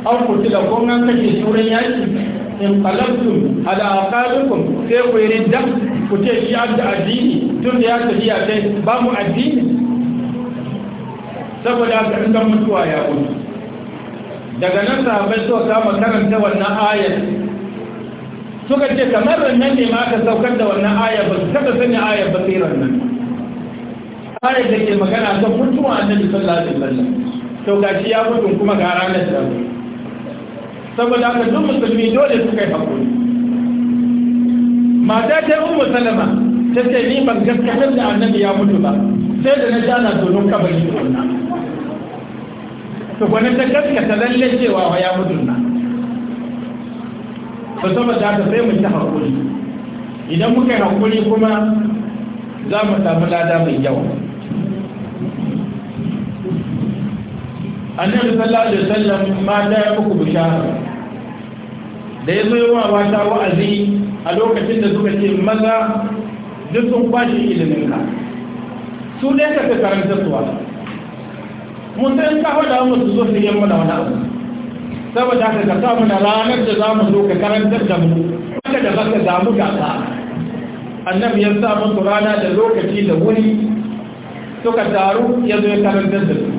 an kuti da kun kashe turan yaki in qalabtum ala aqabikum sai ku yi da ku ce shi an da addini tun da ya tafiya sai ba mu addini saboda haka in mutuwa ya mutu daga nan sahabai suka kama karanta wannan ayar suka ce kamar rannan ne ma aka saukar da wannan ayar ba su taɓa sani ayar ba sai rannan ayar da ke magana ta mutuwa annabi sallallahu alaihi wasallam to shi ya mutu kuma ga ranar da saboda aka duk musulmi dole su kai hakuri mata ta umu salama ta ce ni ban gaskatar da annabi ya mutu ba sai da na jana tonon kabari wannan to wani ta gaskata lalle cewa wa ya mutu na to saboda ta sai mun ta hakuri idan muka yi hakuri kuma za mu samu lada mai yawa annabi da sallar ma mata ya muku bishara da ya zo wa mata wa'azi a lokacin da suka ce maza duk sun kwashe ilimin ka su ne ka karanta suwa mutum in ka mu su zo su yi mana wani abu saboda haka ka samu na ranar da za mu zo ka karantar da mu haka da baka damu ga ka annabi ya sa musu rana da lokaci da wuri suka taru ya zo ya karantar da su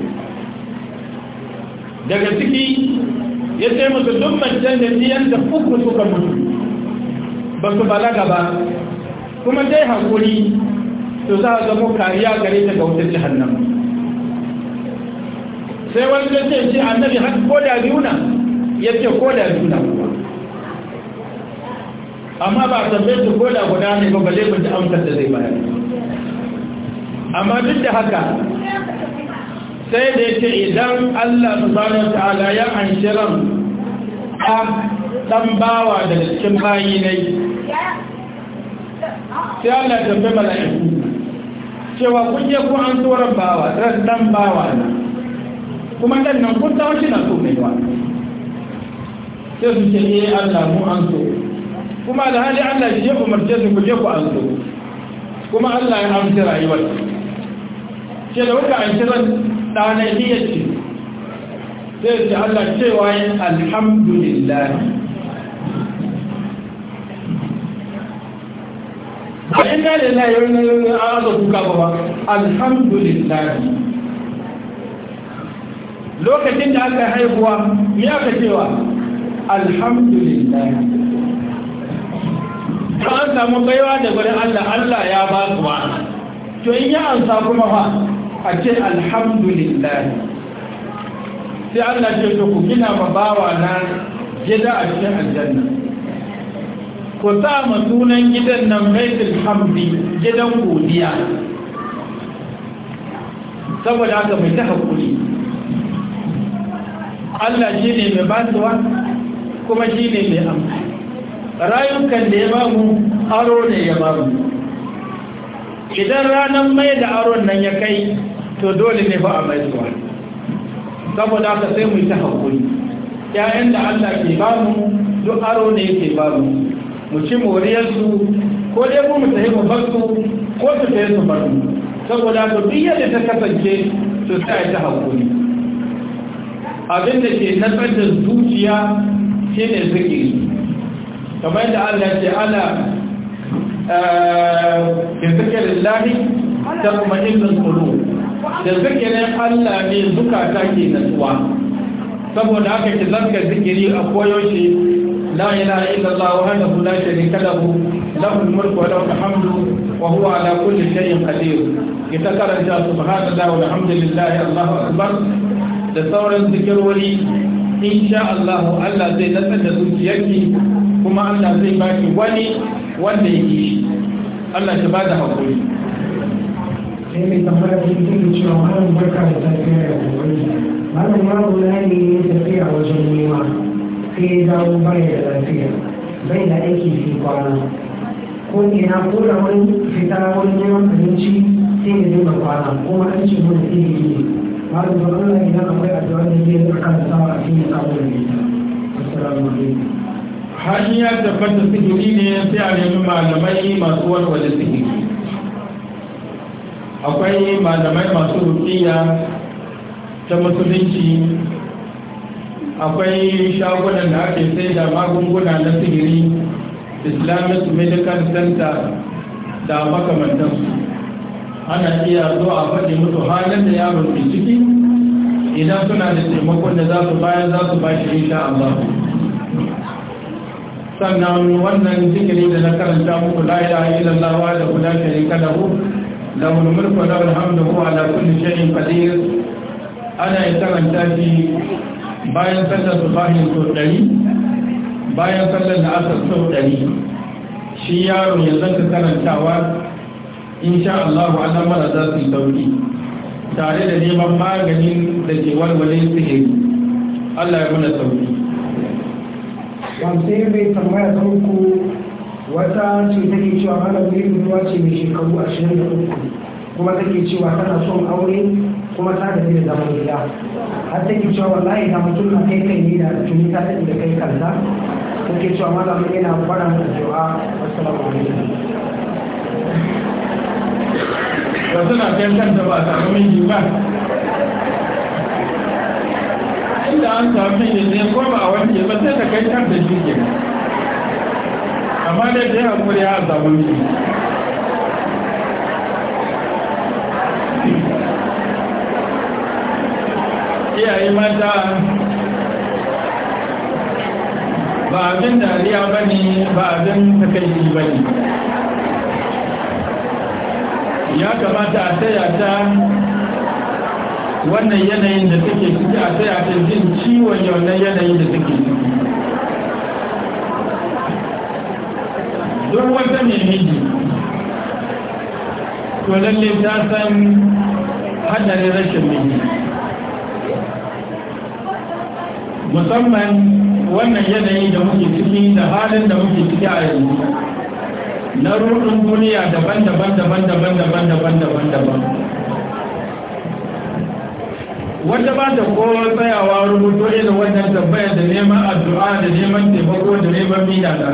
daga ciki ya ce musu duk mancan da niyan da uku suka mutu ba su balaga ba kuma dai hankuri su za a zama kariya gare ta ga wutar jihannan sai wani zai ce shi annabi har ko da biyu na ya ce ko da biyu na amma ba a tambaye su ko da guda ne ba balle mun ji amsar da zai bayar amma duk da haka sai da yake idan Allah subhanahu ta'ala ya anshi a dan bawa daga cikin bayi ne sai Allah tambaye mala'iku cewa kun je ku an tsoron bawa ran dan bawa na kuma ɗan nan kun tawo shi na so mai wa sai su ce eh Allah mu an so kuma da hali Allah shi ya umarce su ku je ku an so kuma Allah ya amshi rayuwar ce da wuka an shirar ɗanar niyyar ce sai ce Allah cewa yin alhamdulillah a inda da na yau na yau na aza kuka ba ba alhamdulillah lokacin da aka haihuwa ni aka cewa alhamdulillah to an samu baiwa da gudun Allah Allah ya ba kuwa to in yi ansa kuma ba, a ce alhamdulillah sai Allah ce to ku gina ma bawa na gida a cikin aljanna ku sa ma sunan gidan nan baitul hamdi gidan godiya saboda aka mai ta hakuri Allah shi ne mai basuwa kuma shi ne mai amfani rayukan da ya mu aro ne ya mu. idan ranar mai da aron nan ya kai to dole ne ba a mai zuwa saboda haka sai mu yi ta haƙuri ‘Ya’yan da Allah ke mu, duk aro ne yake ba mu ci moriyarsu ko dai mu tafi mu bar su ko su tafi su ba mu saboda haka duk yadda ta kasance to sai ta haƙuri abinda ke nasar da zuciya shi ne zikiri kamar da Allah ce ala ke eh, zikirin lahi ta kuma ilmin kuro da zikirin Allah ne zukata ke nasuwa saboda haka ki zarga zikiri a koyaushe la ilaha illallah wahdahu la sharika ne lahu al-mulku wa lahu wata hamdu wa huwa ala kulli shay'in qadir ki takaranta subhanallahi walhamdulillahi allahu akbar da sauran in sha Allah Allah zai nasar da zuciyarki kuma Allah zai baki wani wanda ya shi Allah ta bada hakuri sai mai tambaya shi cikin da tafiya malam babu layi ne tafiya wajen nema sai ya dawo baya da lafiya bai da aiki sai kwana ko ina ko da wani fita wani neman abinci sai ya kwana kuma an ce ilimi ba da zuwa idan akwai addu'a da zai tsaka da sawa a cikin sabon da ita assalamu alaikum hali ya tabbata sihiri ne sai a nemi malamai masu warware sihiri akwai malamai masu rukiya ta musulunci akwai shagunan da ake sai da magunguna na sihiri islamic medical center da makamantansu ana iya zo a faɗi mutu halin da yaron ke ciki idan suna da taimakon da za su bayan za su bashi insha Allah sannan wannan jikiri da na karanta muku la ilaha illallah wa da kula sharika lahu lahul mulku wa lahul hamdu huwa ala kulli shay'in qadir ana yin karanta shi bayan sallar subahin sau ɗari bayan sallar da asar sau ɗari shi yaro ya karantawa in insha Allah al'amara za su yi sauki tare da neman maganin da ke walwale sihiri Allah ya muna sauki wasu mai tambaya wata ce ke cewa malam ne ruwa ce mai shekaru ashirin da uku kuma ta ke cewa tana son aure kuma ta gaji da zaman gida har ke cewa wallahi na mutum na kai kan yi da tuni ta da kai kanta ke cewa malam yana fara da addu'a da alaikum ba suna kai kanta ba ta miji ba inda an samu miji ne ko ba a wani ba sai ta kai da shi ke amma dai da ya hakuri ya samu miji iyaye mata ba abin dariya ba ne ba abin takaici ba ne ya kamata a taya ta wannan yanayin da suke ciki a taya ta jin ciwon wannan yanayin da suke ciki don wata ne to lalle ta san hadarin rashin miji musamman wannan yanayi da muke ciki da halin da muke ciki a yanzu na rudin duniya daban-daban daban-daban daban-daban daban-daban wanda ba ta kowa tsayawa rubuto irin wannan tambaya da neman addu'a da neman taimako da neman bidata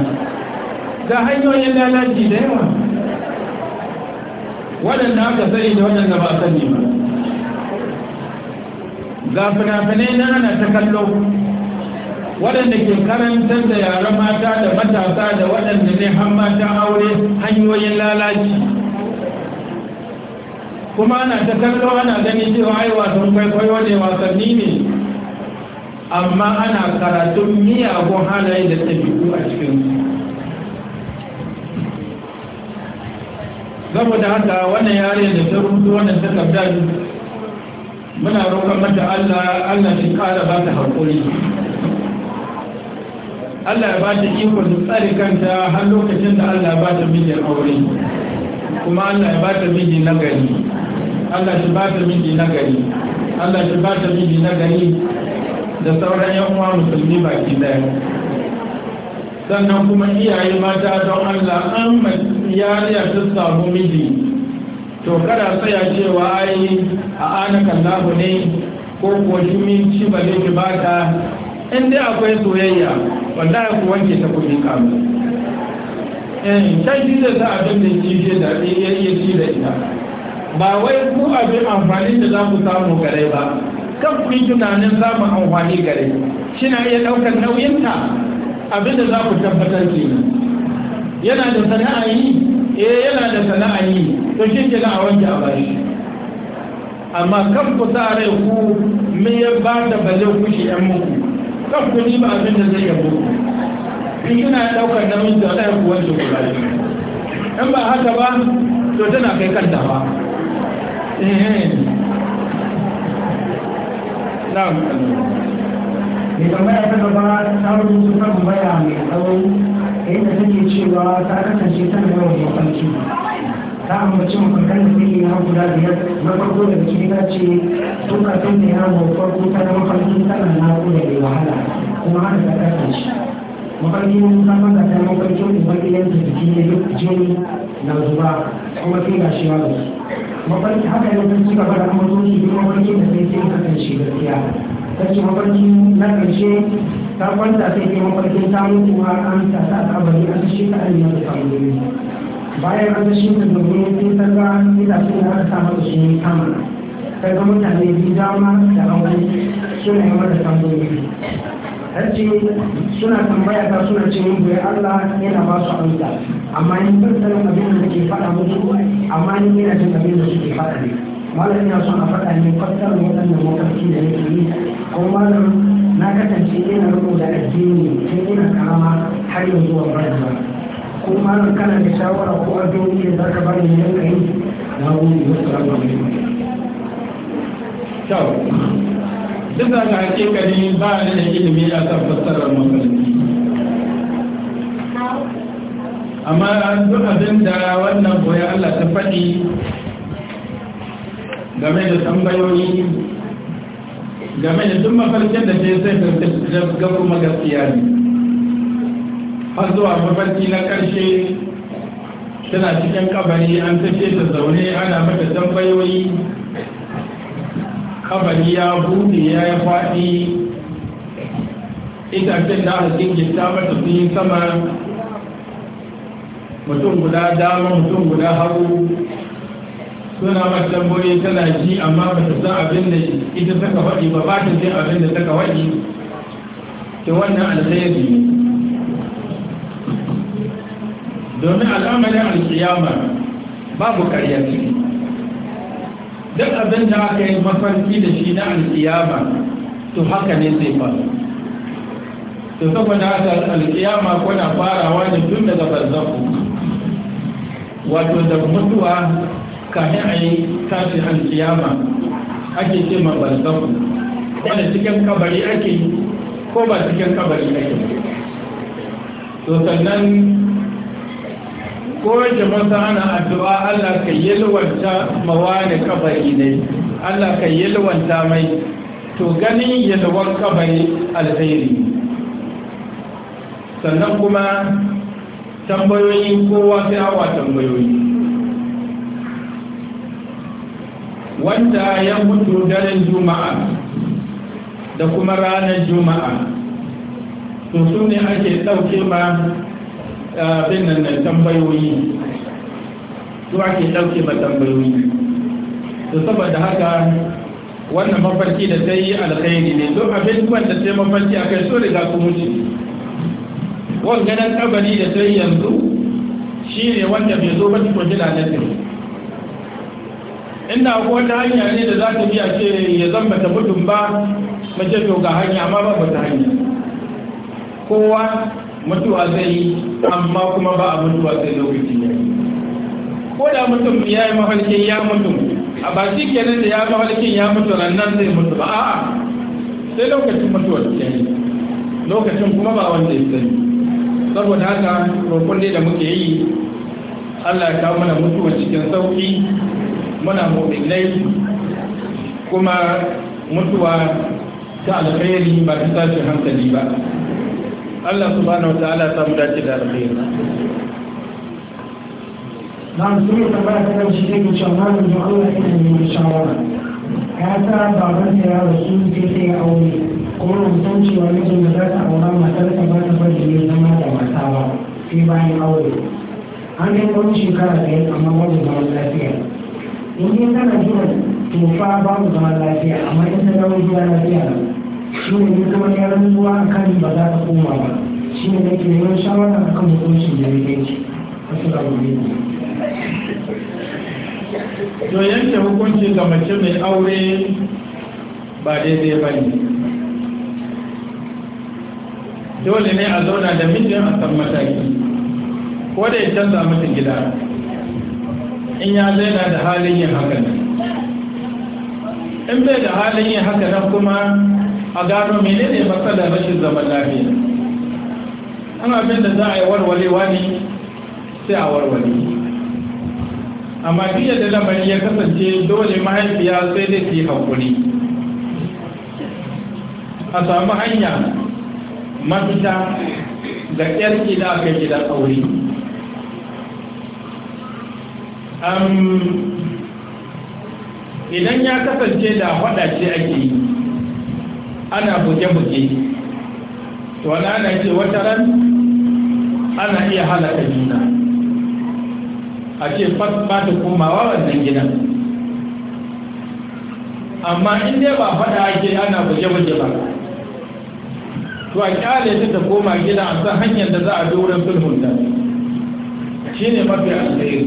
ga hanyoyin lalaci da yawa waɗanda aka sani da waɗanda ba sani ba ga fina-finai na ana ta kallo waɗanda ke karantar da yaren mata da matasa da waɗanda ne har mata aure hanyoyin lalaci kuma ana ta kallo ana gani cewa ai wasan kwaikwayo ne wasanni ne amma ana karatun miyagun halaye da ɗabi'u a cikin da haka wannan yare da ta rubuta wannan takardar muna roƙon mata Allah Allah shi ƙara ba ta haƙuri Allah ya ba ta iko da tsare kanta har lokacin da Allah ya ba ta mijin aure kuma Allah ya ba ta miji na Allah shi ba ta miji na Allah shi ba ta miji na da sauran yan uwa musulmi baki daya sannan kuma iyaye mata don Allah an yariya ta samu miji to kada tsaya cewa ai a ana lahu ne ko ko shi ba ne ba ta in dai akwai soyayya wallahi ku wanke ta kudin kamu eh sai shi da abin da ke je da ya ci da ita ba wai ku abin amfani da za ku samu gare ba kan ku yi tunanin za mu amfani gare shi na iya ɗaukar nauyinta abin da za ku tabbatar ke yana da sana'a yi eh yana da sana'a yi to shi ke na a wanke a bashi amma kan ku sa rai ku me ya ba da bale ku shi yan muku kan kuɗi ba abin da zai yabo in kina ɗaukar namiji da ɗaya kuwan da kula shi in ba haka ba to tana kai kanta ba eh, eh. na'am ne tambaya ta gaba ta rubutu ta tambaya mai tsawo inda take cewa ta kasance tana yawan mafarki ta ambaci mafarkan da suke na guda biyar na farko da ciki ta ce tun kafin da yaro farko ta da mafarki tana na guda mai wahala kuma har da kasa shi mafarki na ta maka ta mafarki wani wani yanzu jiki ne yi jini na zuba kuma sai ga shi wani mafarki haka yau sun cika fara kuma zuci duk mafarki da sai sai kasance gaskiya ta ce mafarki na ƙarshe ta kwanta sai ke mafarkin ta mutuwa an ta sa kabari an shi ta ainihin da kabari bayan an shi da domin sun sarwa ina ne wata samar da shi kama sai ta ne biyu dama da aure suna yi wata tambayoyi harce suna tambaya ta suna ce mun goyi Allah yana ba su amsa amma ni ban sanin abin da ke faɗa musu amma ne yana jin abin da suke faɗa ne malam ina son a faɗa ne kwatar waɗannan mafarki da yake yi ko malam na kasance ina rubuta jini tun ina karama har yanzu wa ba ko malam kana da shawara ko addu'o'i da ba ni yanka yi na wuri wasu alaikum kyau duk da ba ni da ilimi a kan fassarar mafarki amma duk abin da wannan goya Allah ta faɗi game da tambayoyi game da duk mafarkin da ke sai ga kuma ne har zuwa mafarki na ƙarshe tana cikin kabari an tafe ta zaune ana mata tambayoyi kabari ya buɗe ya yi faɗi itacen da aka jingita mata sun yi sama mutum guda dama mutum guda hagu suna mata tambayoyi tana ji amma ba ta san abin da ita saka faɗi ba ba ta jin abin da saka faɗi ta wannan alheri ne domin al'amalin alkiyama babu karyarci duk abin da aka yi mafarki da shi na alkiyama to haka ne zai faru to saboda haka alkiyama kuna farawa ne tun daga barzaku wato da mutuwa kafin a yi tashi alkiyama ake ce ma barzaku wanda cikin kabari ake ko ba cikin kabari ake to sannan ko masa ana addu'a Allah ka yalwanta mawani kabari ne Allah ka yalwanta mai to ganin yalwan kabari alheri sannan kuma tambayoyi kowa sai awa tambayoyi wanda ya mutu daren juma'a da kuma ranar juma'a to su ne ake ɗauke ma abin nan nan tambayoyi su ake ɗauke ba tambayoyi to saboda haka wannan mafarki da ta yi alkhairi ne don abin wanda ta yi mafarki a kai so riga ku mutu Wani wanganan kabari da ta yi yanzu shi ne wanda bai zo ba cikin gida na ɗin inda ko wata hanya ne da za ta biya ce ya zamba ta mutum ba mace to ga hanya amma ba ta hanya kowa mutuwa zai yi amma kuma ba a mutuwa sai lokaci ne ko da mutum ya yi mafarkin ya mutu a ba shi kenan da ya mafarkin ya mutu nan zai mutu ba a'a sai lokacin mutuwar kenan lokacin kuma ba wanda ya sani saboda haka roƙon da muke yi Allah ya kawo mana mutuwa cikin sauki muna mu'minai kuma mutuwa ta alkhairi ba ta tashi hankali ba Allah subhanahu wataala ya samu dace da alkhairi na musulmi ta baya ta kan shi ne ke cewa malam don Allah ya nemi shawara ya ta baban ya rasu ke ta ya aure ko mun san cewa mijin da za ta aura matar ta ba ta bari zama da mata ba sai bayan aure an yi wani shekara da ya amma babu zaman lafiya in dai kana jiran to ba babu zaman lafiya amma in ta zama gida lafiya shi ne ya zama ya rantsuwa a kan ba za ta koma ba shi ne nake neman shawara a kan hukuncin da ya yanke wasu abubuwa to yanke hukunci ga mace mai aure ba daidai ba ne dole ne a zauna da mijin a san mataki ko da ya canza mata gida in ya zaina da halin yin hakan in bai da halin yin hakan kuma a gano menene matsalar rashin zaman lafiya an abin da za a yi warwarewa ne sai a warware amma duk da lamari ya kasance dole mahaifiya sai dai su yi haƙuri a samu hanya mafita da ƴar gida ga gidan aure idan ya kasance da waɗace ake yi ana buge-buge to wani ana ce wata ran ana iya halaka juna a ce ba ta komawa wannan gina amma in dai ba faɗa ake ana buge-buge ba to a kyale ta ta koma gida a san hanyar da za a doron sulhun da shi ne mafi alfahari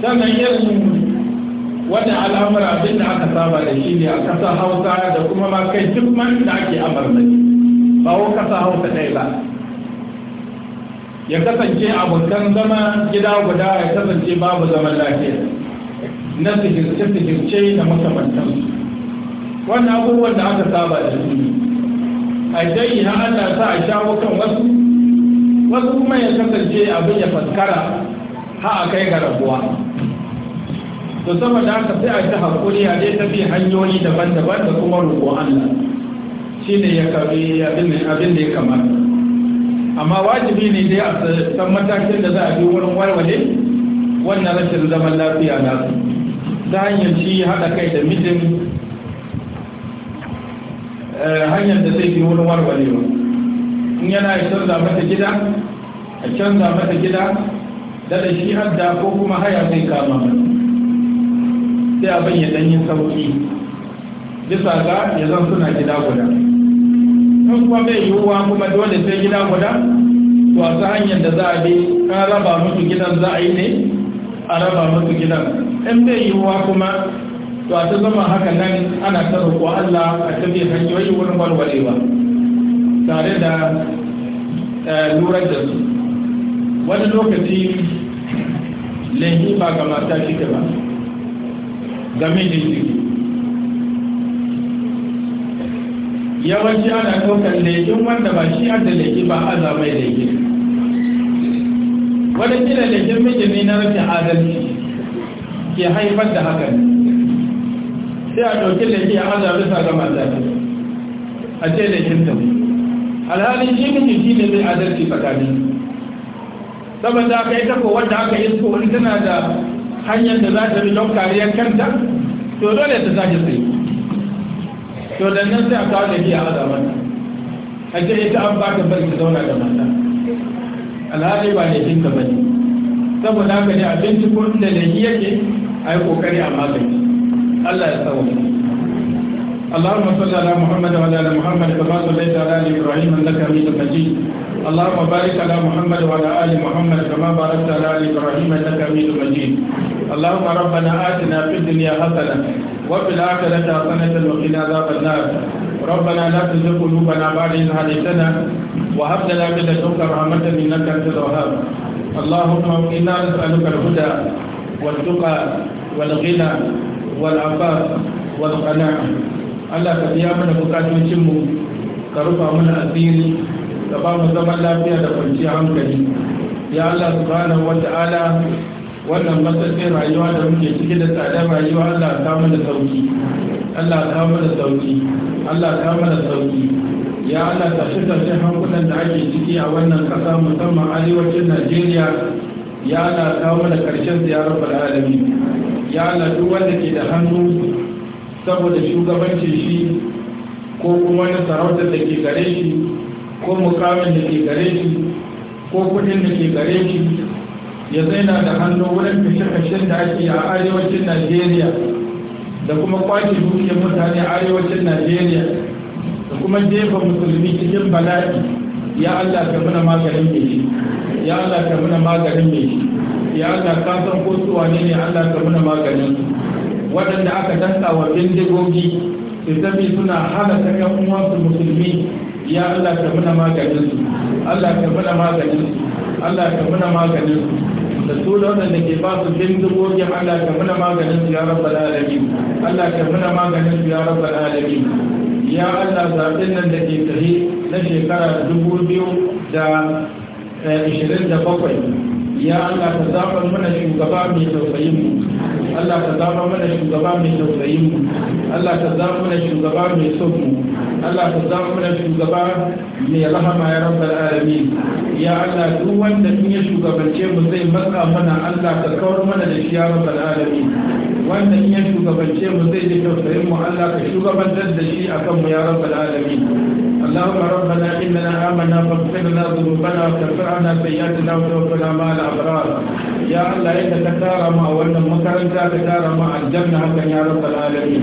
sannan yanzu. wannan al'amura abin da aka saba da shi ne a ƙasa hausa da kuma ma kai duk man da ake amurna ba wa ƙasa hausa ɗaya ba ya kasance abokan zama gida guda ya kasance babu zaman lafiya na sigirce-sigirce da makamantan wannan abubuwan da aka saba da su ne a jayi na allah sa a shawo kan wasu wasu kuma ya kasance abin ya faskara ha a kai ga rabuwa to saboda haka sai a ta haƙuri a dai tafi hanyoyi daban-daban da kuma roƙo Allah shi ne ya kabi abin da ya kamata amma wajibi ne dai a san matakin da za a bi wurin warware wannan rashin zaman lafiya na su ta hanyar shi haɗa kai da mijin eh, hanyar da zai fi wurin warwarewa in yana canza mata gida a canza mata gida da da shi hadda ko kuma haya zai kama mata sai abin ya danyi sauki bisa ga ya zan suna gida guda in kuma bai yiwuwa kuma dole sai gida guda to a hanyar da za a bi ka raba musu gidan za a yi ne a raba musu gidan in bai yiwuwa kuma to a ta zama haka nan ana ta roƙo Allah a tafiya hanyoyi wurin warwarewa tare da eh, lura da su wani lokaci lehi ba ga mata shi ba game da jiki yawanci ana ɗaukar laifin wanda ba shi da laifi ba aza mai laifi wani kila laifin mijini na rashin adalci ke haifar da hakan sai a ɗauki laifi a aza bisa ga matar a ce laifin ta alhalin shi mijin shi ne zai adalci ne. saboda aka yi tako wanda aka yi tsohon tana da hanyar da za ta bi don kariyar kanta to dole ta sake sai to da nan sai a kawo da biya a zamanta a ce ita an ba ta bari ta zauna da mata alhali ba ne jin ba bane saboda haka ne abinci ko inda ne yi yake a yi kokari a magani allah ya tsawo اللهم صل على محمد وعلى ال محمد كما صليت على ابراهيم انك حميد مجيد اللهم بارك على محمد وعلى ال محمد كما باركت على ال ابراهيم انك حميد مجيد اللهم ربنا اتنا في الدنيا حسنه وفي الاخره حسنه وقنا عذاب النار ربنا لا تزغ قلوبنا بعد إذ هديتنا وهب لنا من لدنك رحمة إنك أنت الوهاب اللهم إنا نسألك الهدى والتقى والغنى والعفاف والقناعة Allah ka biya mana bukatocinmu ka rufa mana asiri ka ba mu zaman lafiya da kwanciyar hankali ya Allah subhanahu wata'ala wannan matsatsin rayuwa da muke ciki da tsadar rayuwa Allah ta mana sauki Allah ta mana sauki Allah ta mana sauki ya Allah ta shi hankulan da ake ciki a wannan kasa musamman arewacin Najeriya ya Allah ta mana karshen ziyarar al'alami ya Allah duk wanda ke da hannu saboda shugabancin shi ko kuma wani sarautar da ke gare shi ko mukamin da ke gare shi ko kudin da ke gare shi ya zaina da hannu wurin fashe kashen da ake a arewacin najeriya da kuma kwace dukiyar mutane a arewacin najeriya da kuma jefa musulmi cikin bala'i ya allah ka muna maganin mai shi ya allah ka muna maganin mai shi ya allah ka san ko su ne ne allah ka muna maganin waɗanda aka danta wa bindigogi su zabi suna halaka yan uwansu musulmi ya Allah ka muna maganin su Allah ka muna maganin su Allah ka muna maganin su da su da wadanda ke ba su bin dubogin Allah ka muna maganin su ya rabbal alamin Allah ka muna maganin su ya rabbal alamin ya Allah zaɓin nan da ke tafi na shekara dubu biyu da eh, ishirin da bakwai ya Allah ka zaɓar mana shugaba mai tausayin mu Allah ka zaɓar mana shugaba mai tausayin mu Allah ka zaɓar mana shugaba mai son mu Allah ka zama mana shugaba mai rahama ya rabbal alamin ya Allah duk wanda in ya shugabance mu zai matsa mana Allah ka kawar mana da shi ya rabbal alamin wanda in ya shugabance mu zai ji tausayin mu Allah ka shugabantar da shi akan mu ya rabbal alamin اللهم ربنا إننا آمنا فاغفر لنا ذنوبنا وكفر عنا سيئاتنا وتوفنا مع الأبرار يا الله إنك تارى ما ولنا مكرنتا تارى ما الجنة حقا يا رب العالمين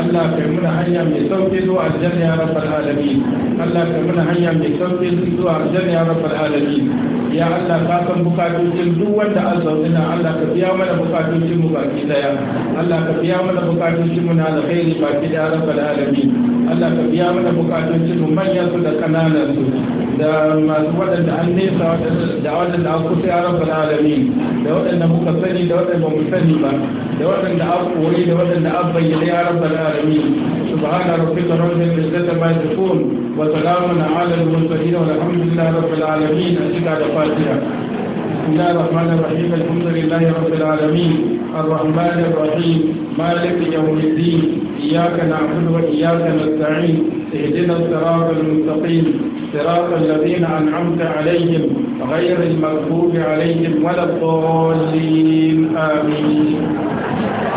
الله كمنا حيا من صوت الجنة يا رب العالمين الله كمنا حيا من صوت الجنة يا رب العالمين ya Allah ka san bukatocin duk wanda an zaune Allah ka biya mana bukatocin mu baki daya Allah ka biya mana bukatocin mu na alkhairi baki daya rabbal alamin Allah ka biya mana bukatocin mu manyan su da kananan su da masu waɗanda an nesa da waɗanda an kusa ya rabu da alami da waɗanda muka sani da waɗanda mu sani ba da waɗanda an koyi da waɗanda an bayyana ya rabu da alami subhana da rabbil izzati da yasifun wa salamun ala al-mursalin walhamdulillahi rabbil alamin a cika da fatiha بسم الله الرحمن الرحيم الحمد لله رب العالمين الرحمن الرحيم مالك يوم الدين إياك نعبد وإياك نستعين اهدنا الصراط المستقيم صراط الذين أنعمت عليهم غير المغضوب عليهم ولا الضالين آمين